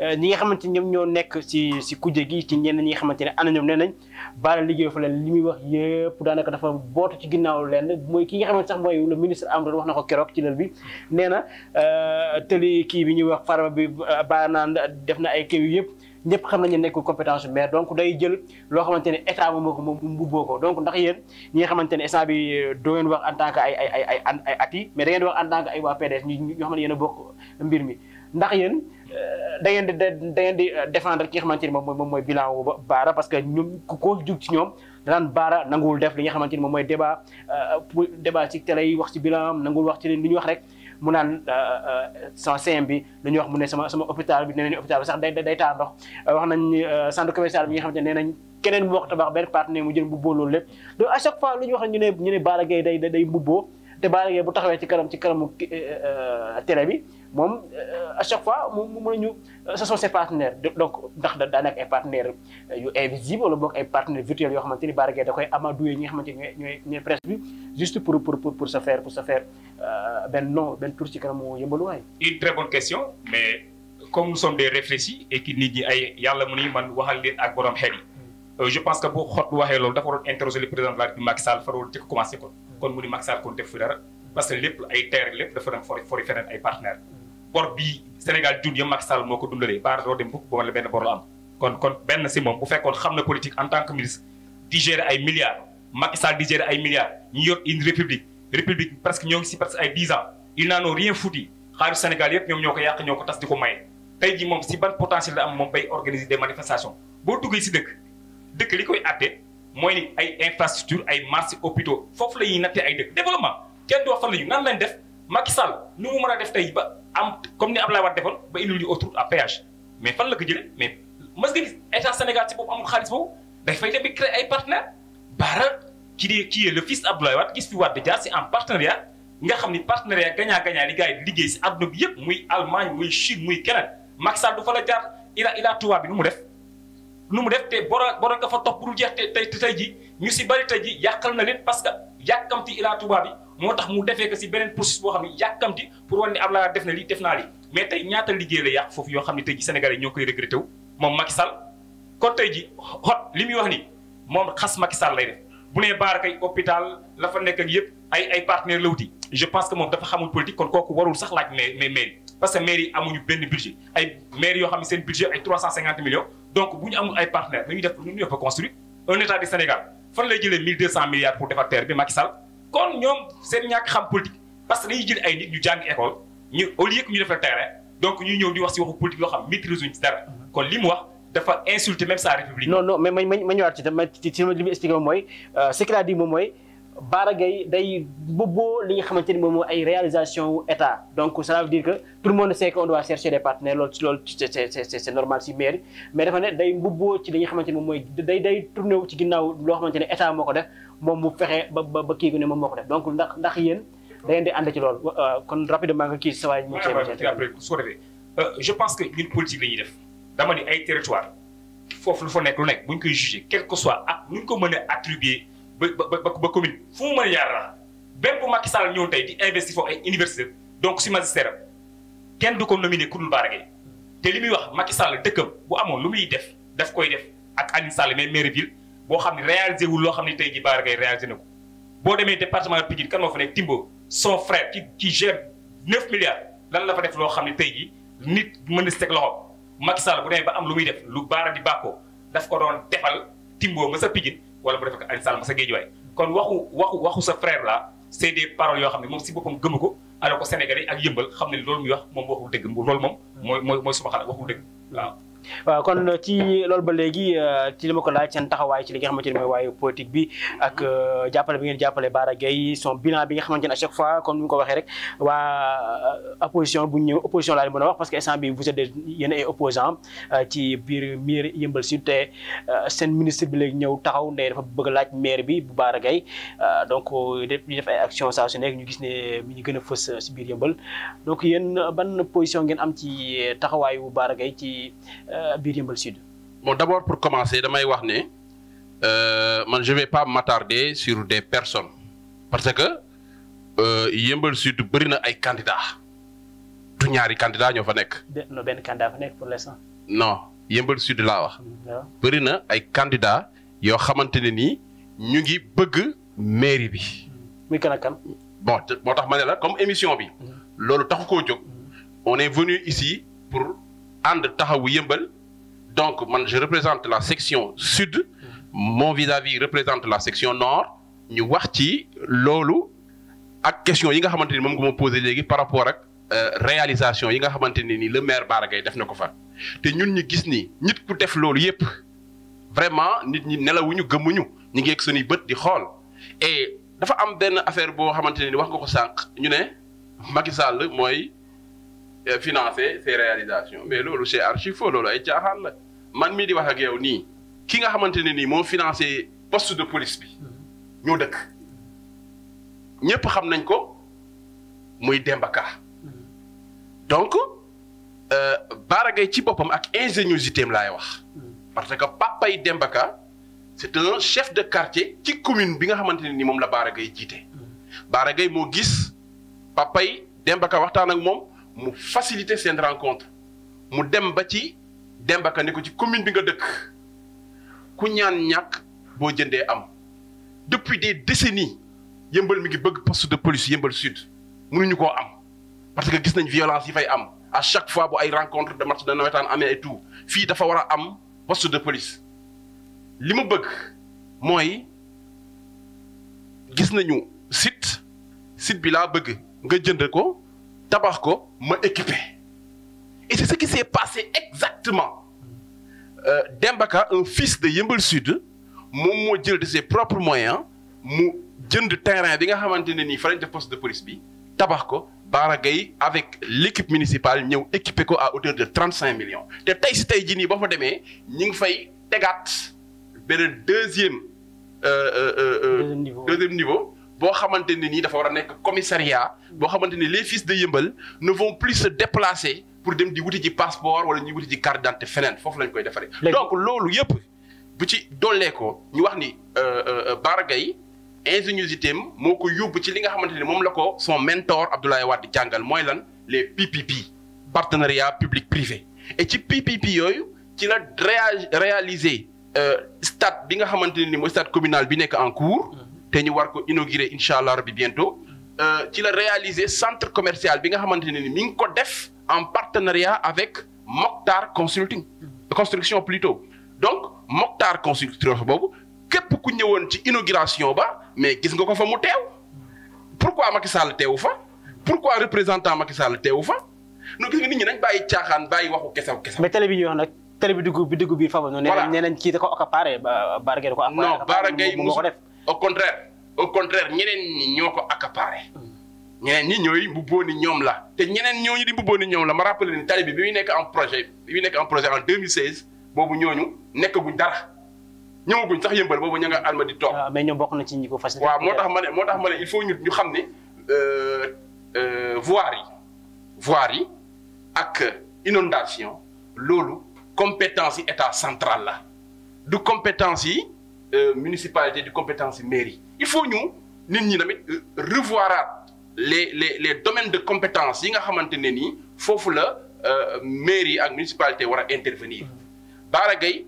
Euh, ñi nga xamante ni ñoom ñoo nekk ci si kujje gi ci ñenn ñi xamante ne na ñoom nee nañ baala liggéey fa leen li muy wax yëpp daanaka dafa bootu ci ginnaaw leen mooy ki nga xamante sax mooy le ministre Amadou wax na ko keroog ci lël bi nee na euh, tëli kii bi ñuy wax farba bi baala naan def na ay kii yëpp ñëpp xam nañu nekk compétence mais donc day jël loo xamante ne état moom moo ko moom mbubboo ko donc ndax yéen ñi nga xamante ne instant bi euh, doo ngeen wax en tant que ay ay ay ay at yi mais da ngeen di wax en tant ay waa PDS ñu ñoo xam ne yéen a bokk mbir mi ndax yéen da da ngeen di euh, défendre ki nga xamante ni moom moom mooy bilan wu Baara parce que ñoom ku ko jug ci ñoom danaan Baara nanguwul def li nga xamante ni moom mooy débat euh, pour débat ci télé yi wax ci bilan am nanguwul wax ci lu ñu wax rek mu naan euh, sama CM bi lu ñuy wax mu ne sama sama hôpital bi nee nañ hôpital bi sax day day taa ndox wax nañ centre commercial bi nga xamante ne nee nañ keneen mu wax tabax benn partenaire mu jël mbubboo loolu lépp donc à chaque fois lu ñuy wax ñu ne ñu Baara Gueye day day te Baara Gueye bu taxawee ci kanam ci kanamu télé bi moom euh, à chaque fois mu mu ñu euh, ce sont ses donc ndax daanaka ay partenaires euh, yu invisible wala boog ay partenaires virtuels yoo xamante ni Bara da koy amadoué ñi nga xamante ni ñooy ñooy presse juste pour pour pour pour se faire pour se faire benn nom benn tour ci kanamu Yeumbeul Waay. une très bonne question mais comme nous sommes des réfléchis et que nit ay yàlla mu ni man waxal leen ak borom xel yi. je pense que bu xot waxee loolu dafa waroon interroger le président parce que lépp ay terre lépp dafa ay partenaires. bor bii Sénégal jun yëpp Macky Sall moo ko dundalee baara doo dem fukk wala benn bor am. kon kon benn si moom bu fekkoon xam na politique en tant que ministre di gérer ay milliards Macky Sall ay milliards ñu yor une république république presque ñoo ngi si presque ay 10 ans ils n'en ont rien foutu xaalisu Sénégal yëpp ñoom ñoo ko yàq ñoo ko tas di ko maye. tey moom si ban potentiel la am moom bay organiser des manifestations boo duggee si dëkk dëkk li koy àtte mooy ni ay marché hôpitaux foofu la ñuy nattee ay dëkk développement kenn du wax fan la nan lañ def. Macky Sall nu mu mën a def tey ba am comme ni Abdoulaye Wade defoon ba indil ñu autoroute à péage mais fan la ko mais mas nga gis état Sénégal ci boobu amul xaalis boobu day fay dem bi créé ay partenaires Baara kii di kii le fils Abdoulaye Wade gis fi Wade jaar si en partenariat nga xam ni partenariat gagnant gagnant li gars yi liggéey si àdduna bi yëpp muy Allemagne muy Chine muy keneen Macky Sall du fa la jaar ila ila Touba bi nu mu def. nu mu def te bora bora nga fa topp bu dul te tey ji ñu si bari tey jii yàqal na leen parce que yàkkamti ila Touba bi. moo tax mu defee ko si beneen processus boo xam ne yàkkamti pour wane ne Abdoulaye def na lii def naa lii mais tey ñaata liggéey la yàq foofu yoo xam ne tey ji Sénégalais yi ñoo koy regretté wu moom Macky Sall kon tey ji xot li muy wax ni moom xas Macky Sall lay def bu nee baar kay hôpital la fa nekk ak yëpp ay ay partenaire la wuti je pense que moom dafa xamul politique kon kooku warul sax laaj mairie parce que mairie amuñu benn budget ay mairie yoo xam ne seen budget ay 350 millions donc bu ñu amul ay partenaire dañuy def lu ñu fa construire un état du Sénégal fan kon ñoom seen ñàkk xam politique parce que dañuy ay nit ñu jàng école ñu au lieu ñu def le terrain donc ñuy ñëw di wax si waxu politique yoo xam maîtrise uñ ci dara kon li wax dafa insulter même sa république. non non ma ma ñëwaat ci tamit ci li mu moom mooy euh, a dit moom mooy. xamante ni moom mooy ay réalisation wu état donc ça veut dire que tout le ci loolu c'est c'est dafa ci li xamante ni moom mooy day day tourné ci ginnaaw loo xamante ne état moo ko def moom mu fexe ba ba kii bi ne moom moo ko def donc ndax ndax yéen da ngeen di ànd ci lool euh, kon rapidement nga kii sa waay mu après su ko euh, je pense que ñun politique la ñuy def dama ni ay territoire foofu lu fa nekk lu nekk bu ñu koy jugé quel que soit ak nu ñu ko mën a attribuer ba ba ba commune fu mu mën a yaar la bépp Macky Sall ñëw tey di investir foofu ay université donc si magistère kenn du ko nominé ku dul Bargué te li muy wax Macky Sall dëkkam bu amoon lu muy def daf koy def ak Aliou Sall mais maire ville boo xam ne réalisé wul loo xam ne tey jii Bara Gaye réalisé na boo demee département Pikine kan moo fa nekk Timbo son frère ki ki gère milliards lan la fa def loo xam ne tey jii nit mën na si teg loxo Macky bu demee ba am lu muy def lu Bara di bàkkoo daf ko doon defal Timbo ma sa Pikine wala mu def ko Aliou Sall ma sa Guédiawaye kon waxu waxu waxu sa frère la c'est des paroles yoo xam ne moom si boppam gëmu ko alors que Sénégalais ak yëmbal xam ne loolu muy wax moom waxul dëgg loolu moom. mooy mooy mooy suma xalaat waxul waaw kon ci loolu ba léegi euh, ci li ma ko laaj seen taxawaay ci li nga xamante ne mooy waayu politique bi ak euh, jàppale bi ngeen jàppale Bara son bilan bi nga xamante ne à chaque fois comme ni nga ko waxee rek waa euh, opposition bu ñu opposition laa leen mën wax parce que instant bi vous êtes yéen ay opposants ci biir miir Yeumbeul Sud te seen ministre bi léegi ñëw taxaw ne dafa bëgg laaj maire bi bu Bara Gaye donc di def ay action saa su nekk ñu gis ne mi ñu gën a fës si biir Yeumbeul donc yéen ban position ngeen am ci taxawaayu Bara Gaye ci Euh, biir Yeumbeul Sud. bon d' abord pour commencer damay wax ne euh, man je vais pas m'attarder sur des personnes parce que euh, Yeumbeul Sud bëri na ay candidats du ñaari candidats ñoo fa nekk. non benn candidat fa nekk pour l'instant. non Yeumbeul Sud laa wax. Mm, bëri na ay candidats yoo xamante ne nii ñu ngi bëgg mairie bi. Mm. muy kan ak moo tax ma ne la comme émission bi. Mm. loolu taxu koo jóg. on venu ici pour. ànd taxawu yëmbal donc man je représente la section sud mon vis-à-vis représente la section nord ñu wax ci loolu ak question yi nga xamante ni moom nga ma rapport ak euh, réalisation yi nga xamante ne ni le maire Bara Gaye def na ko fa te ñun ñu gis ni nit ku def loolu yépp vraiment nit ñi nelawuñu gëmuñu ñu ngi yegg bët di xool e dafa am benn affaire boo xamante ne ni wax nga ko sànq ñu ne Macky Sall mooy Euh, financer ses réalisations loolu c'est archi faux ay caaxaan la man mii di wax ak yow nii ki nga xamante ne nii moo financé post de police bi ñoo dëkk ñëpp xam nañ ko muy dembaka Ka donc euh, Bara Gaye ci boppam ak ingéniosité am laay wax parce que papay Demba Ka c'est un chef de quartier ci commune bi nga xamante ne nii moom la Bara Gaye jiite Bara Gaye moo gis papay dembaka Ka waxtaan ak moom mu faciliter seen rencontre mu dem ba ci dem ba ka ni ko ci commune bi nga dëkk ku ñaan ñàkk boo jëndee am depuis des décennies yëmbal mi ngi bëgg post de police yëmbal sud mënuñu koo am parce que gis nañ violence yi fay am à chaque fois bu ay rencontre de match de nawetaan amee et fii dafa war a am poste de police li mu bëgg mooy gis nañu site site bi laa bëgg nga jënd ko tabax ko ma équipé et c'est ce qui s'est passé exactement euh, Demba fils de Yeumbeul Sud moom moo jël de ses propres moyens mu jënd terrain bi nga xamante ne nii fa lañ def de police bi tabax ko Bara Gaye avec l'équipe municipale ñëw équipé ko à hauteur de trente cinq millions te tey si tey jii nii boo fa demee ñu ngi fay tegaat beneen deuxième. Euh, euh, euh, euh niveau. boo xamante ne nii dafa war a nekk commissariat boo xamante ne les fils de yëmbal ne vont plus se déplacer pour dem di wuti ci passeport wala ñuy wuti ci carte d'identité feneen foofu lañ koy defaree. donc loolu yëpp bu ci dollee ko ñu wax ni euh, euh, euh, Bara Gaye ingéniosité am moo ko yóbbu ci li nga xamante ne moom la ko son mentor Abdoulaye Wade jàngal mooy lan les PPP partenariat public privé et ci PPP yooyu ci la réaliser stade bi nga xamante ne ni mooy stade communal bi nekk en cours. Hmm. te ñu war ko inaugurer incha allah rabbi bientôt euh, ci la réaliser centre commercial bi nga xamante ne ni mi ngi ko def en partenariat avec Mokhtar Consulting construction plutôt donc Mokhtar construction boobu képp ku ñëwoon ci inauguration ba mais gis nga ko fa mu teew pourquoi Macky Sall teewu fa pourquoi représentant Macky Sall teewu fa no gis nga nit ñi nañ bàyyi caaxaan bàyyi waxu kesew kesew. mais télé bi ñuy wax nag télé bi dugg bi ko def au contraire au contraire ñeneen ñi ñoo ko accaparé ñeneen ñi ñooy mbubboo ni ñoom la te ñeneen ñooñu di mbubboo ni ñoom la ma rappelé ni tali bi bi muy nekk en projet bi muy nekk en projet en 2016 boobu ñooñu nekkaguñ dara ñëwaguñ sax yëmbal boobu ña nga alma di toog. Ah, mais ñoo bokk na ci ñi ko facilité. waaw moo tax ma ne moo tax ma ne il faut ñu ñu xam ne euh, euh, voir yi voir yi ak inondation loolu compétence yi état central la du compétence yi. Euh, municipalité di compétence mairie il faut ñu nit ñi tamit euh, revoiraat les les les domaines de compétence yi nga xamante ne nii foofu la euh, mairie ak municipalité war a intervenir Bara Gaye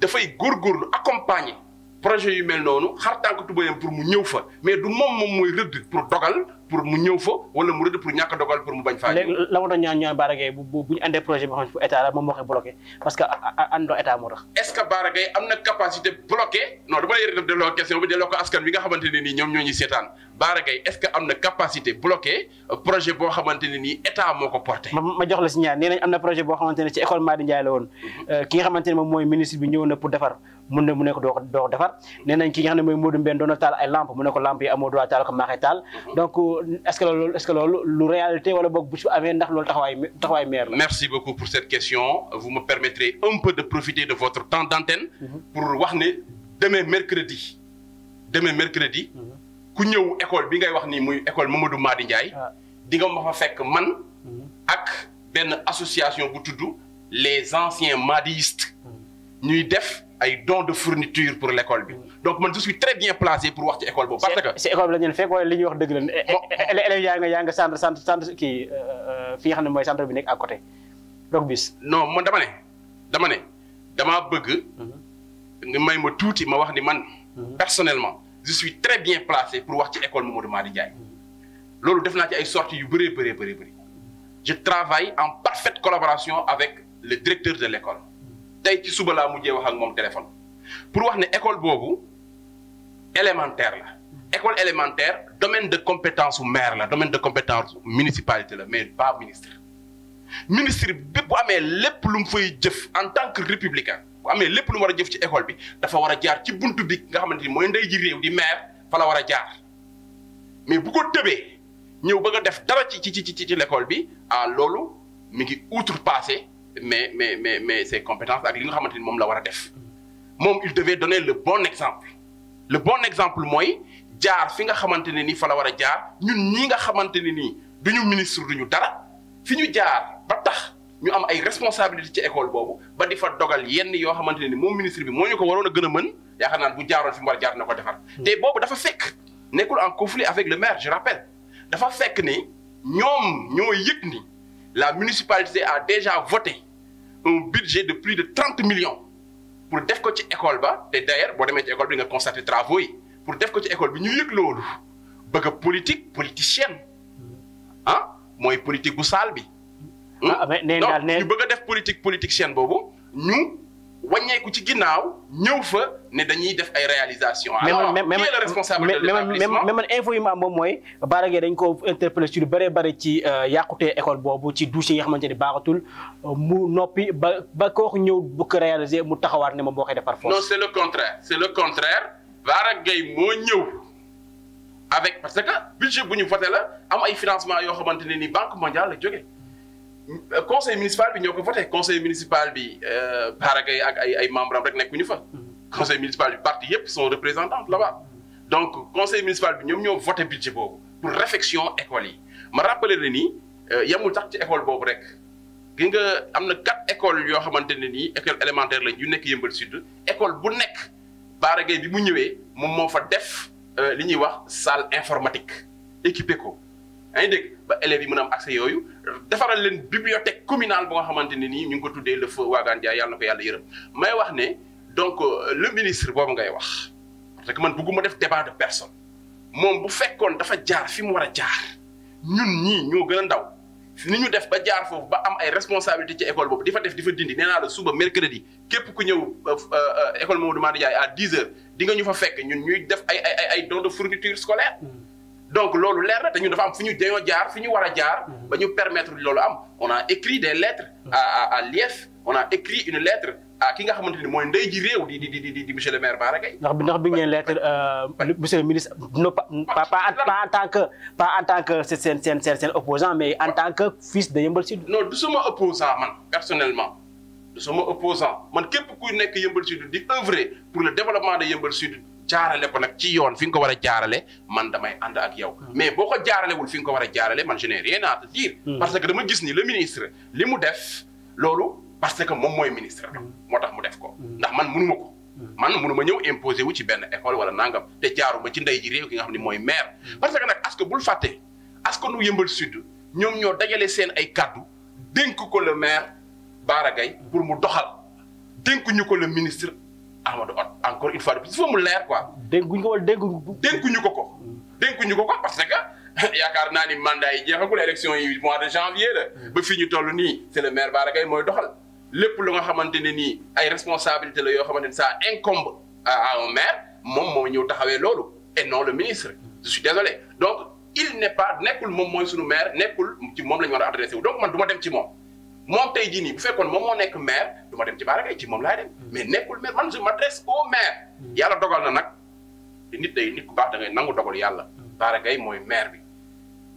dafay góorgóorlu accompagner projet yu mel noonu xar tànk tubayam pour mu ñëw fa mais du moom moom mooy rëdd pour dogal pour mu ñëw fa wala mu rëdd pour ñàkk a dogal pour mu bañ faa la ma am na capacité bloqué non dama lay delloo question bi delloo ko askan bi nga mooy ministre bi ñëw na pour defar mun ne mu ne ko doo doo defar nee nañ ki nga xam ne mooy Modou Mbène doon na taal ay lampe mu ne ko lampe yi amoo droit taal ko maaxee taal mhm. donc est ce que loolu lu réalité wala boog bu ci amee ndax loolu taxawaay taxawaay maire la. merci beaucoup pour cette question vous me permettrez un peu de profiter de votre temps d' antenne. Mhm. pour wax ne demain mercredi. demain mercredi. Mhm. ku ñëw école bi ngay wax ni muy école Mamadou Madi Ndiaye. Ah. di nga ma fa fekk man. ak benn association bu tudd les anciens madistes. ñuy def. ay dons de fourniture pour l'école bi donc man je suis très bien placé pour wax ci école boobu. parce que si école bi la fekk wala li wax dëgg la. Eh, eh, eh, élèves yaa nga yaa nga centre centre centre kii euh, euh, fi xam ne mooy centre bi nekk à côté Rockbis. non man dama ne dama ne damaa bëgg. Mhm. nga may ma tuuti ma wax ni man. Mhm. personnellement je suis très bien placé pour wax ci école Mamadou di Ndiaye. Mhm. loolu def naa ci ay sorties yu bëree bëree bëri bëri. je travaille en parfaite collaboration avec le directeur de l'école tey ci suba laa mujjee wax ak moom téléphone pour wax ne école boobu élémentaire la. école élémentaire domaine de compétence su maire la domaine de compétence u municipalité la mais pas ministre. ministre bi bu amee lépp lu mu fay jëf en tant que républicain bu amee lépp lu war a jëf ci école bi dafa war a jaar ci bunt bi nga xamante ni mooy ndey ji réew di maire fa la war a jaar mais bu ko tëbee ñëw bëgg a def dara ci ci ci ci l'école bi ah loolu mi ngi outrepassé. mais mais mais mais ses compétences ak li nga xamante ni moom la war a def moom il devait donner le bon exemple le bon exemple mooy jaar fi nga xamante ne nii fa la war a jaar ñun ñii nga xamante ne nii duñu ministre du ñu dara fi ñu jaar ba tax ñu am ay responsabilité ci école boobu ba di fa dogal yenn yoo xamante ne moom ministre bi moo ñu ko waroon a gën a mën yaakaar naan bu jaaroon fi mu war a jaar na ko defar. Hmm. te boobu dafa fekk nekkul en conflit avec le maire je dafa fekk ni ñoom ñoo yëg ni. la municipalité a déjà voté un budget de plus de trente millions pour def ko ci école ba te d'ailleurs boo demee ci école bi nga constaté travaux pour def ko ci école bi ñu yëg loolu bëgg a politique politicienne ah mooy politique bu saal bi. ah mais nee daal nee ñu bëgg a def politique politicienne boobu ñu. wàññeeku ci ginnaaw ñëw fa ne dañuy def ay réalisations. alors qui est le responsable de l'établissement mais ma am moom mooy Bara Gaye dañ ko interpellé ci lu bëree bëri ci euh, yàqutee école boobu ci douche yi nga xamante ni baaxatul euh, mu noppi ba ba ko ñëw bu ko réaliser mu taxawaat ne moom boo koy defar foofu. non c'est le contraire c'est le contraire Bara Gaye moo ñëw. avec parce que budget bu ñu voté la am ay financement yoo xamante ne ni banque mondiale la jógee conseil municipal bi ñoo ko voté conseil municipal bi euh, Baragay ak ay ay membres am rek nekkuñu fa. Mm-hmm. conseil municipal bi parti yëpp sont représentants là-bas. Mm-hmm. donc conseil municipal bi ñoom ñoo voté budget boobu pour réfection école yi ma rappelé la ni euh, yemul sax ci école boobu rek gi nga am na quatre école yoo xamante ne nii école élémentaire lañ yu nekk Yeumbeul Sud école bu nekk Baragay bi mu ñëwee moom moo fa def euh, li ñuy wax salle informatique équipé ko. ay ngi dégg ba élèves yi mën a am accès yooyu defaral leen bibliothèque communale bu nga xamante ne nii ñu ngi ko tuddee le feu Waagaan Ndiaye yàlla na ko yàlla yërëm may wax ne donc euh, le ministre boobu ngay wax parce que man bëgguma def débat de personne moom bu fekkoon dafa jaar fi mu war a jaar ñun ñii ñoo gën a ndaw ni ñu def ba jaar foofu ba am ay responsabilité ci école boobu di fa def di fa dindi nee naa la suba mercredi képp ku ñëw euh, euh, école Mamadou Mamadou Ndiaye à 10h di nga ñu fa fekk ñun ñuy def ay ay ay don de fourniture donc loolu leer na dañu dafa am fu ñu dañoo jaar fu ñu war a jaar. ba ñu permettre loolu am on a écrit des lettres. à à à l'IEF on a écrit une lettre. ah ki nga xamante ni mooy ndey ji réew di di le maire Bara Gaye. ndax bi ndax bi ngeen lettre euh, monsieur le ministre pas en tant que pas en tant que seen seen opposant mais en tant que fils de Yeumbeul Sud. non du sama opposant man personnellement du sama opposant man képp kuy nekk Yeumbeul Sud di œuvrer pour le développement de Yeumbeul jaarale ko nag ci yoon fi nga ko war a jaarale man damay ànd ak yow hmm. mais boo ko jaaralewul fi nga ko war a jaarale man je n'ai rien à te hmm. parce que dama gis ni le ministre li mu def loolu parce que moom mooy ministre la hmm. moo tax mu def ko ndax man mënuma ko man mënuma ñëw imposé wu ci benn école wala nangam te jaaruma ci ndey ji réew ki nga xam ni mooy mair parce que nag askan bul fàtte askan nu yëmbal sud ñoom ñoo dajale seen ay kàddu dénk ko le maire Bara Gaye pour mu doxal dénk ko le ministre Amadou Hott encore une fois de plus il mu leer quoi. dégguñu ko wala dégguñu ko. dégguñu ko ko. dégguñu ko ko parce que (laughs) yaakaar naa ni mandat yi jeexagul élection yi mois de janvier la. Mm. ba fii ñu toll nii c'est le maire Bara Gaye mooy doxal lépp lu nga xamante ne nii ay responsabilités la yoo xamante ne ça incombe a un maire moom moo ñëw taxawee loolu et non le ministre. je suis désolé donc il n'est pas nekkul moom mooy sunu maire nekkul ci moom la ñu war a adressé wu donc man du ma dem ci moom. moom tey jii nii bu fekkoon moom moo nekk maire du ma dem ci Baraka ci moom laay dem mm. mais nekkul maire man je m'adresse au maire. Mm. yàlla dogal na nag nit day nit ku baax da nangu dogal yàlla. Mm. Baraka mooy maire bi.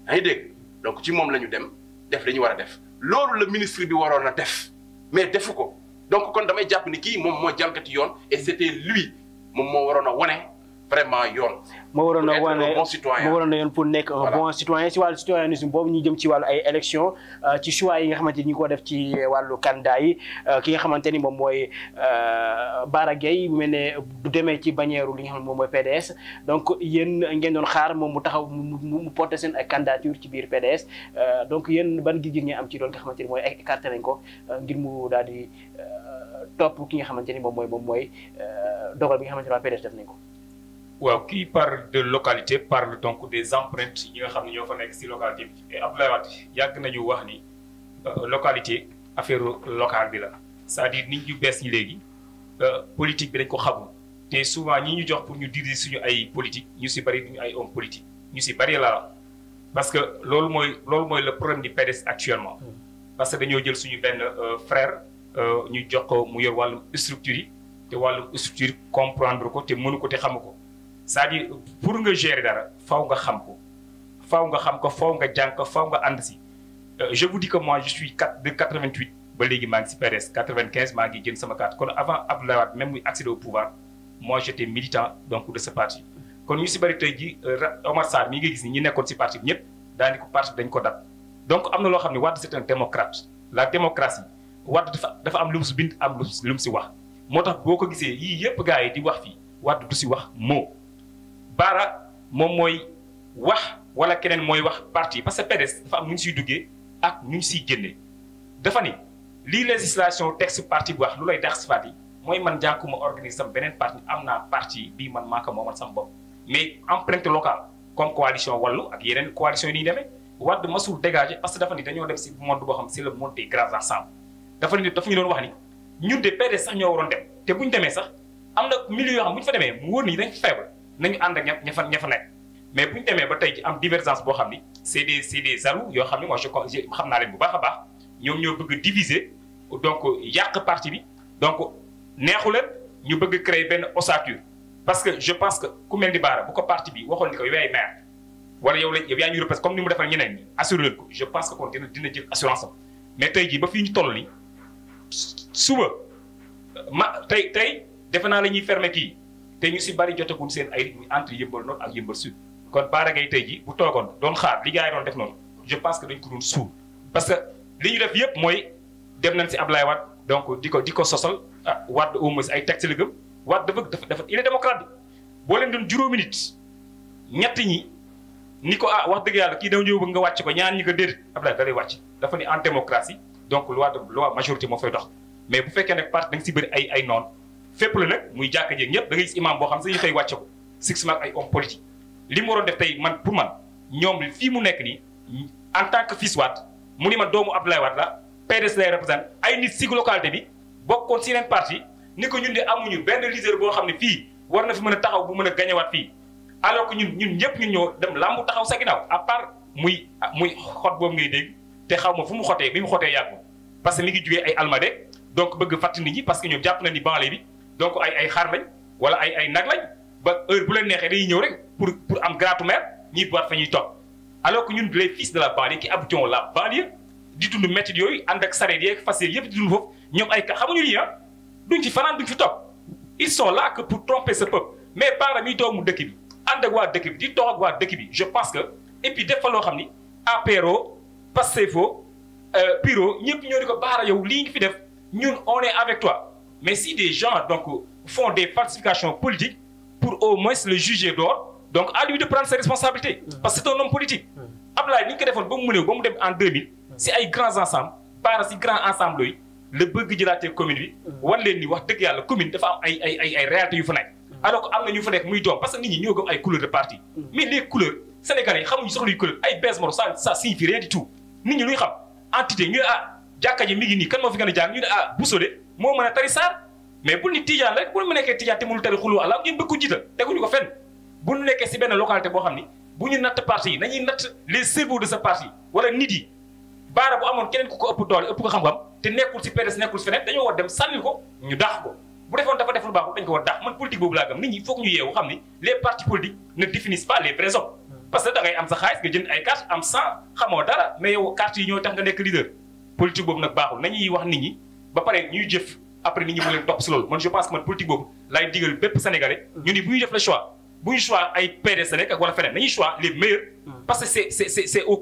yaa ngi donc ci moom la ñu dem def lañu ñu war a def loolu la ministre bi waroon a def mais defu ko donc kon damay jàpp ni kii moom moo jalgati yoon et c'était lui moom moo waroon wone vraiment yoon. moo waroon a wane moo waroon a yoon pour nekk un bon citoyen si wàllu citoyennisme boobu ñu jëm ci wàllu ay élection euh, ci choix yi nga xamante ni ñu ko def ci euh, wàllu candidat yi euh, ki nga xamante ni moom mooy Bara Gaye mu mel ne du demee ci bannière li nga xam ne moom mooy PDS donc yéen ngeen doon xaar moom mu taxaw mu porté seen ay candidature ci biir PDS donc yéen ban gis-gis ngeen am ci loolu nga xamante ni mooy écarté nañ ko ngir mu daal di topp ki nga xamante ni moom mooy moom mooy dogal bi nga xamante ni waa PDS def nañ ko waaw qui par de localité parle donc des empreintes ñi nga xam ne ñoo fa nekk si localité bi. et Abdoulaye Wade yàgg nañu wax ni euh, localité affaire locale bi la c'est-à-dire nit ñu bees ñi léegi euh, politique bi dañ ko xamul te souvent ñi ñu jox pour ñu diri suñu ay politique ñu si bëri duñu ay homme politique ñu si bëri la parce que loolu mooy loolu mooy le problème du PDS actuellement. Mm. parce que dañoo jël suñu benn euh, frère ñu jox ko mu yor wàllum structure yi te wàllum structure comprendre ko te mënu xamu ko. c'est-à-dire pour nga gérer dara faw nga xam ko faw nga xam ko faw nga jàng ko faw nga ànd si euh, je vous dis que moi ba léegi maa ngi si PDS 95 maa ngi jënd sama carte kon avant Abdoulaye Wade même muy accéder au pouvoir moi j'étais militant donc de ce parti ñu euh, nekkoon si parti bi ñëpp daani ko parti bi ko dat donc na loo xam ne Wade c'est un démocrate la démocratie am lu mu si bind am si wax moo tax boo ko gisee yii yëpp gars yi di wax fii Wade du si wax moo baara moom mooy wax wala keneen mooy wax parti parce que PDS dafa am nu ñu siy duggee ak nu ñu siy génnee dafa ni lii législation texte parti bu wax lu lay dàq si parti mooy man jànkuma organise sam beneen parti am naa parti bii man maa ko moomal sama bopp mais empreinte locale comme coalition wallu ak yeneen coalition yi ni demee ma masul dégager parce que dafa ni dañoo dem si monde boo xam c'est le monde des grands ensembles dafa ni dafa ñu doon wax sax ñoo dem te bu ñu demee sax am na milieu yoo xam ñu fa demee mu wóor ni dañ nañu ànd ak ña ña mais bu ñu demee ba tey ci am diversance boo xam ni c'est des c'est des yoo xam ne moi je xam naa leen bu baax a baax ñoom ñoo bëgg diviser donc yàq parti bi donc neexu ñu bëgg créer benn ossature parce que je pense que ku mel ni Baara bu ko parti bi waxoon ni ko yow yaay maire wala yow lañ yow yaa ñu représente comme ni mu defal ñeneen ñi assuré ko je pense que kon dina dina jël assurance mais tey jii ba fii ñ toll ma tey tey defe naa la ñuy fermer kii. te ñu si bari jot jotagul seen ay entre yëmbal nord ak yëmbal sud kon Bara Gaye tey ji bu toogoon doon xaar li gars yi doon def noonu je pense que dañ ko doon suul parce que li ñu def yëpp mooy dem nañ si ab Ablaye Wade donc di ko di ko sosal ah Wade au moins ay texte la gëm Wade dafa dafa dafa il est démocrate bi boo leen juróomi nit ñett ñi ni ko ah dëgg yàlla kii daw ñëw wàcc ko ñaan ñi ko déedéet Ablaye da lay wàcc dafa ni en démocratie donc loi de majorité moo fay dox mais bu fekkee ne part da nga si bëri ay ay noonu fépp la nag muy jàkka jeeg ñëpp da ngay gis imam boo xam sañu tey wàcce ko six ak ay homme politique li mu waroon def tey man pour man ñoom fii mu nekk nii en tant que fils mu ni ma doomu ab Abdoulaye waat la PDS lay représenté ay nit si localité bi bokkoon si yeneen parti ni ko ñun de amuñu benn leader boo xam ne fii war na fi mën a taxaw bu mën a gañewaat fii alors que ñun ñun ñëpp ñun ñoo dem làmb taxaw sa ginnaaw à part muy muy xot boobu ngay dégg te xaw ma fu mu xotee bi mu xotee yàgg parce que mi ngi jugee ay almade donc bëgg parce que ñoom jàpp na ni banlieue bi donc ay ay xar lañ wala ay ay nag lañ ba heure bu leen neexee dañuy ñëw rek pour pour am gratu mère ñuy baat fa ñuy topp alors que ñun les fils de la banlieue qui habitons la banlieue di dund métti yooyu ànd ak sareet yeeg fas yéeg yëpp di dund foofu ñoom ay ka xamuñu lii ah duñ ci fanaan duñ fi topp ils sont là que pour tromper ce peuple mais Bara miy toog mu dëkk bi ànd ak waa dëkk bi di toog ak waa dëkk bi je pense que et puis def fa loo xam ni apéro Pastef euh, Piro ñëpp ñoo ko Bara yow lii ngi fi def ñun on est Mais si des gens donc, font des participations politiques pour au moins le juger d'or, donc à de prendre ses responsabilités. Parce que c'est un homme politique. Ablaye ni ñu ko defoon mu mënee ba dem en 2000 si ay grands ensembles par si grands ensemble yooyu la bëgg commune bi. wan leen ni wax dëgg yàlla commune dafa am ay ay ay ay réalités yu fa nekk. alors que am na ñu fa nekk muy doom parce que ñi ñoo gëm ay couleurs de parti. mais les couleur ay baise moro jàkka ji mi ngi nii kan moo fi gën a jàng ñu ne ah Bousso de moo mën a tari saar mais bul ni tijaan rek bu mu nekkee tijaan te mënul tari xulu ala ngeen bëgg ñu xam ni bu natt parti yi nañuy natt les cerveaux de sa parti wala nit yi baara bu amoon keneen ku ko ëpp doole ëpp ko xam-xam te nekkul si PDS nekkul si feneen dañoo war dem sànni ko ñu dàq ko bu defoon dafa def lu baax dañ ko war dàq man politique boobu laa gëm nit ñi foog ñu yeewu xam ni les partis politiques hmm. am sa xaalis nga jënd ay carte am ñoo tax nga nekk leader politique boobu nag baaxul nañuy wax nit ñi ba pare ñuy jëf après nit ñi mu leen topp si loolu que man politique boobu laay digal bépp sénégalais ñu ni bu ñuy def le choix bu ñu choix ay PDS nekk ak wala feneen nañuy choix les meilleurs hmm. parce que c'est c'est c'est aux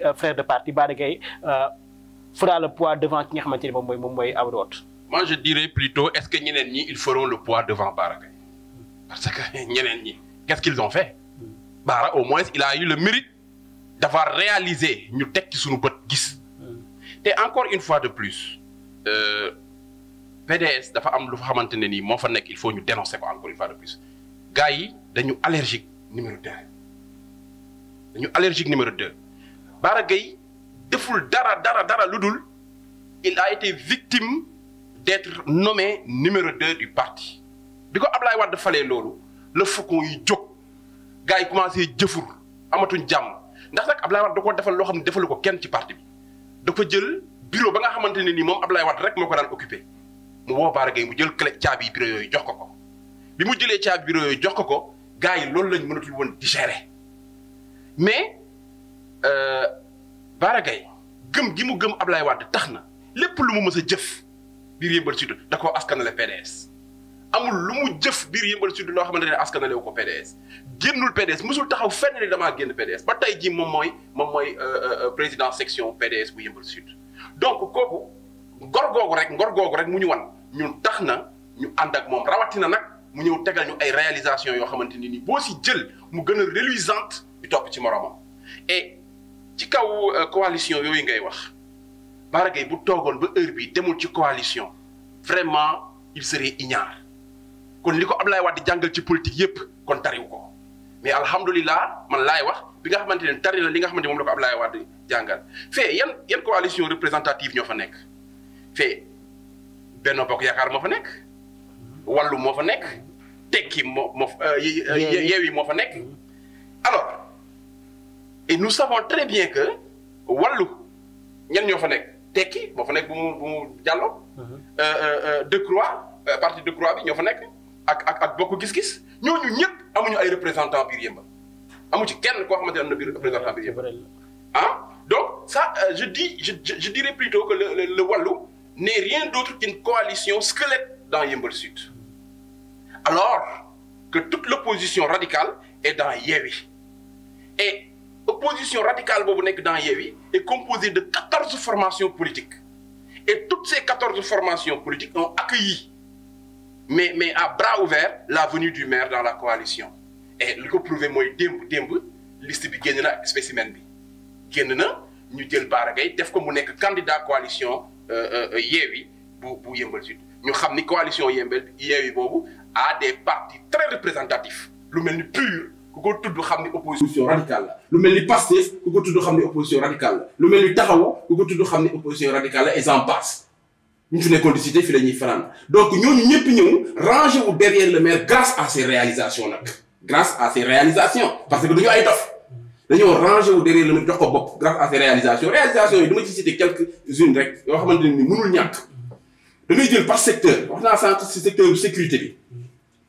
Euh, frère de parti Bara Gaye euh, fera le poids devant ki nga xamante ni moom mooy moom mooy a Hott. moi je dirais plutôt est-ce que ñeneen ñi ils feront le poids devant Bara Gaye parce que (laughs) ñeneen ñi qu'est-ce qu'ils ont fait. Bara au moins il a eu le mérite dafa réaliser ñu teg ci suñu bët gis. Mm. te encore une fois de plus. Euh, PDS dafa am lu fa xamante ne nii moo fa nekk il faut ñu dénoncer ko encore une fois de plus gars yi dañu allergique numéro deux dañu allergique numéro deux. Bara Gaye deful dara dara dara lu dul il a été victime d'être nommé numéro deux du parti bi ko Ablaye Wade falee loolu la faucon jóg gars yi commencé jëfur amatuñ jàmm ndax nag Ablaye Wade da ko defal loo xam ne defalu ko kenn ci parti bi dafa jël bureau ba nga xamante ne ni moom Ablaye Wade rek moo ko daan occupé mu woo Bara Gaye mu jël clé caabi bureau yooyu jox ko ko bi mu jëlee caabi bureau yooyu jox ko ko gars yi loolu lañ mënatul woon digérer Euh, Bara Gaye gëm gi mu gëm Ablaye Wade tax na lépp lu mu mës jëf biir Yeumbeul Sud da koo askanale PDS amul lu mu jëf biir Yeumbeul Sud loo xamante ne askanale wu ko PDS génnul PDS musul taxaw fenn ni damaa génn PDS ba tey ji moom mooy moom mooy euh, euh, président section PDS bu Yeumbeul Sud donc kooku ngor googu rek ngor googu rek mu ñu wan ñun tax na ñu ànd moom rawatina nag mu ñëw tegal ñu ay réalisation yoo xamante ni nii boo si jël mu gën a reluisante bi topp ci moromam ci kaw euh, coalition yooyu ngay wax Bara Gaye bu toogoon ba heure bi demul ci coalition vraiment il serait ignare kon li ko Ablaye Wade di jàngal ci politique yépp kon tariwu ko mais alhamdulilah man laay wax bi nga xamante ne tari li nga xamante moom la ko Ablaye Wade jàngal fee yan yan coalition représentative ñoo fa nekk fee Benno Bokk Yaakaar moo fa nekk Wallu moo fa nekk Tekki moo moo euh, Yewwi moo fa nekk mm-hmm. alors et nous savons très bien que wàllu ñenn ñoo fa nekk tekki moo fa nekk bu mu bu mhm. euh, euh, euh, de croix parti de croix bi ñoo fa nekk ak ak ak bokk gis-gis ñooñu ñëpp amuñu ay représentant biir yëmbal amu ci kenn koo xamante ne am na biir représentant biir yëmbal ah donc ça je dis je je dirais plutôt que le le, le wàllu n'est rien d'autre qu'une coalition squelette dans Yeumbeul Sud alors que toute l'opposition radicale est dans Yewwi opposition radicale boobu nekk dans Yewwi est composée de quatorze formations politiques et toutes ces quatorze formations politiques ont accueilli mais mais à bras ouverts la venue du maire dans la coalition et li ko prouvé mooy démb démb liste bi génn na spécimen bi génn na ñu jël Bara Gaye def ko mu nekk candidat coalition euh, euh, euh, Yewwi bu bu Yeumbeul Sud ñu xam ni coalition Yeumbeul Yewwi boobu a des partis très représentatifs lu mel ni PUR ku ko tudd xam ni opposition radicale la lu mel ni Pastef ku ko tudd xam ni opposition radicale la lu mel ni Taxawu ku ko tudd xam ni opposition radicale la et j'en passe ñu fi nekkoon di cité fi la ñuy donc ñooñu ñëpp ñëw rangé wu derrière le maire grâce à ses réalisations nag grâce parce que duñu ay dof dañoo rangé wu derrière le maire jox ko bopp grâce à ses réalisations yi dama ci cité quelques-unes rek yoo xamante ne ni mënul ñàkk dañuy jël par secteur wax naa sànq si secteur sécurité bi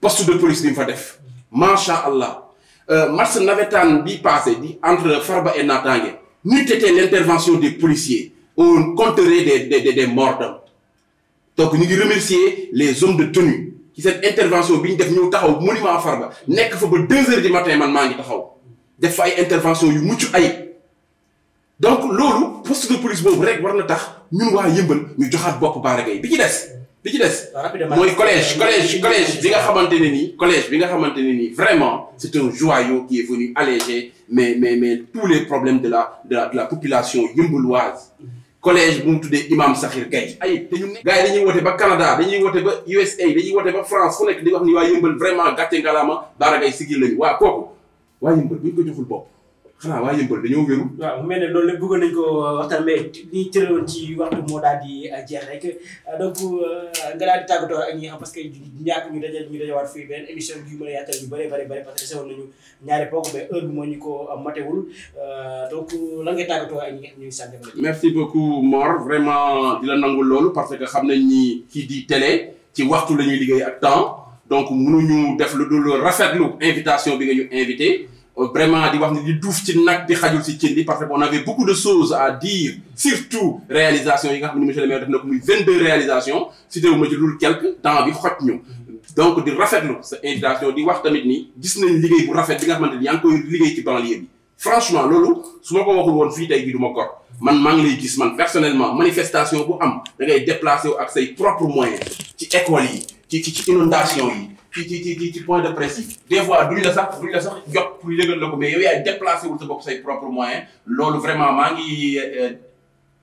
post de police bi fa def macha allah Euh, match navétane bi passé bi entre Farba et Natangué n'eût été l'intervention des policiers on compterait des des des morts d'hommes donc ñu ngi remercier les hommes de tenue ci cette intervention bi ñu def ñëw taxaw monument Farba nekk fa ba deux heures du matin man maa ngi taxaw def fa ay intervention yu mucc ay donc loolu poste de police boobu rek war na tax ñun waa yëmbal ñu joxaat bopp Bara Gaye bi ci des li ci des. mooy collège collège collège bi nga xamante ne nii. collège bi nga xamante ne ni vraiment c' est un joyau qui est venu alléger mais mais tous les problèmes de la de la population yëmbaluwaase. collège bu mu tuddee Imam Sakhir Gaye. ay te ñun. gars yi dañuy woote ba Canada dañuy woote ba USA dañuy woote ba France fu nekk di wax ni waa yëmbal vraiment gàcce ngalaama Baara Gaye sigil lañu waa kooku waa yëmbal bu ñu ko joxul bopp. xanaa waa yëmbal dañoo wéru. waaw mu mel loolu lépp bëggoon nañu ko waxtaan mais moo daal di euh, jeex rek donc euh, nga daal di tàggatoo ak ñi am parce que ñàkk ñu daje ñu dajawaat fii benn émission yu mën a bëri bëri parce que desewoon ñaari poog moo ñu ko euh, matewul donc lan ngay tàggatoo ak ñi nga xam ñu ngi sant merci beaucoup Mor vraiment di la nangul loolu parce que xam nañ ni kii di télé ci waxtu la ñuy liggéey ak temps donc ñu def lu dul rafetlu invitation bi nga ñu invité. Euh, vraiment di wax ni di duuf ci nag di xajul ci cin li parce qu'on avait beaucoup de choses à dire surtout réalisation yi nga xam ne monsieur le maire def na ko muy 22 réalisations si déw ma ci quelque temps bi xoj ñu donc di rafetlu sa invitation di wax tamit nii gis nañ liggéey bu rafet bi nga xamante ni yaa ngi koy liggéey ci banlieue bi franchement loolu su ma ko waxul woon fii tey bi duma ma kor man maa ngi lay gis man personnellement manifestation bu am déplacé wu ak say propres moyens ci écoles yi ci ci inondation ci ci ci ci point de presse yi des fois duñ la sax duñ la sax jot pour yëgal la ko mais yow yaay déplacé wul sa bopp say propre moyen loolu vraiment maa ngi euh,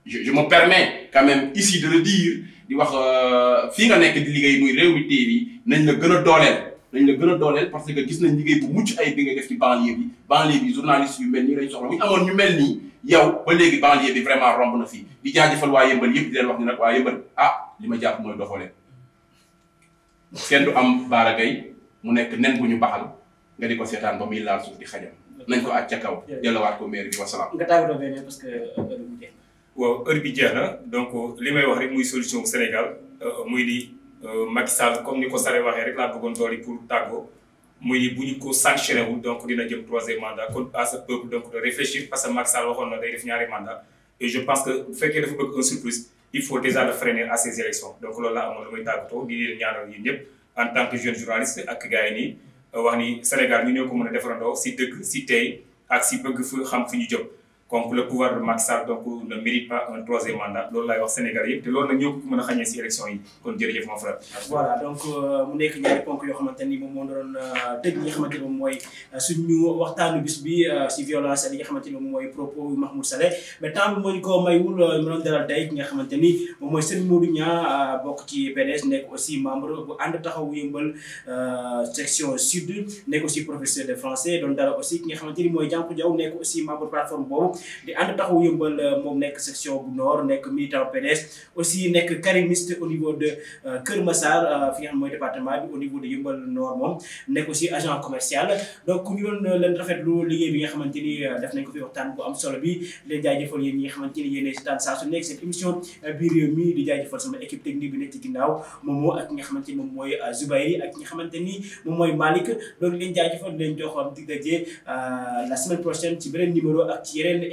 je je me permets quand même ici de le di wax euh, fii nga nekk di liggéey muy Rewmi TV nañ la gën a dooleel. dañ la gën a dooleel parce que gis nañ liggéey bu mucc ay bi nga def ci banlieue bi banlieue bi journaliste yu mel nii lañ soxla bu amoon ñu mel nii yow ba léegi banlieue bi vraiment romb na fii di jaajëfal waa yëmbal yëpp di ah, li ma jàpp mooy doxalee. kenn am Bara Gaye mu nekk nen bu ñu baxal nga di ko seetaan ba muy laal suuf di xajam nañ ko àcc ca kaw delluwaat ko mairie bi wasalaam. nga tàggatoo beneen parce euh, jeex na. waaw heure bi jeex na donc li may wax rek muy solution bu Sénégal euh, muy ni euh, Macky comme ni ko Sare waxee rek laa bëggoon dool yi pour tàggoo muy ni bu ñu ko sanctionné wul donc dina jëm troisième mandat kon à ce peuple donc de réfléchir parce que Macky Sall waxoon na day def ñaari mandat et je pense que bu fekkee dafa bëgg un il faut déjà le freiner à ces élections donc loolu laa amoon lu muy tàggatoo di leen ñaanal yéen ñëpp en tant que jeune journaliste ak gars nii wax ni Sénégal ñu ñoo ko mën a defarandoo si dëgg si tey ak si bëgg fu xam fi ñu jëm comme le pouvoir de yëpp te loolu nag kon jërëjëf mon frère. voilà euh, ni moom moo doon euh, tëj li nga xamante euh, bi si violence li nga xamante ni mooy propos yu Mahmoud Saleh mais temps ki nga xamante ni moom mooy Serigne Modou Niang bokk ci PDS nekk aussi membre bu ànd taxaw yëmbal section sud nekk aussi professeur de français doon dalal aussi ki nga xamante ni mooy Diankou Diaw nekk aussi membre plateforme boobu. di ànd taxawu yëmbal euh, moom nekk section bu nord nekk militant PDS aussi nekk karimiste au niveau de euh, Kër Massar euh, fi nga xam mooy département bi au niveau de yëmbal nord moom nekk aussi agent commercial donc ñu doon leen rafetlu liggéey bi nga xamante ni def nañ ko fi waxtaan bu am solo bi leen jaajëfal yéen ñi nga xamante ni yéenee si taan saa su nekk seen émission biir réew mi di jaajëfal sama équipe technique bi nekk ci ginnaaw moom moo ak xamante ni moom mooy Zubayri ak nga xamante ni moom mooy Malick donc leen jaajëfal leen jox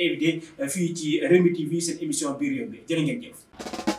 invité euh, fii ci Rewmi TV seen émission bi réew mi jërë ngeen jëf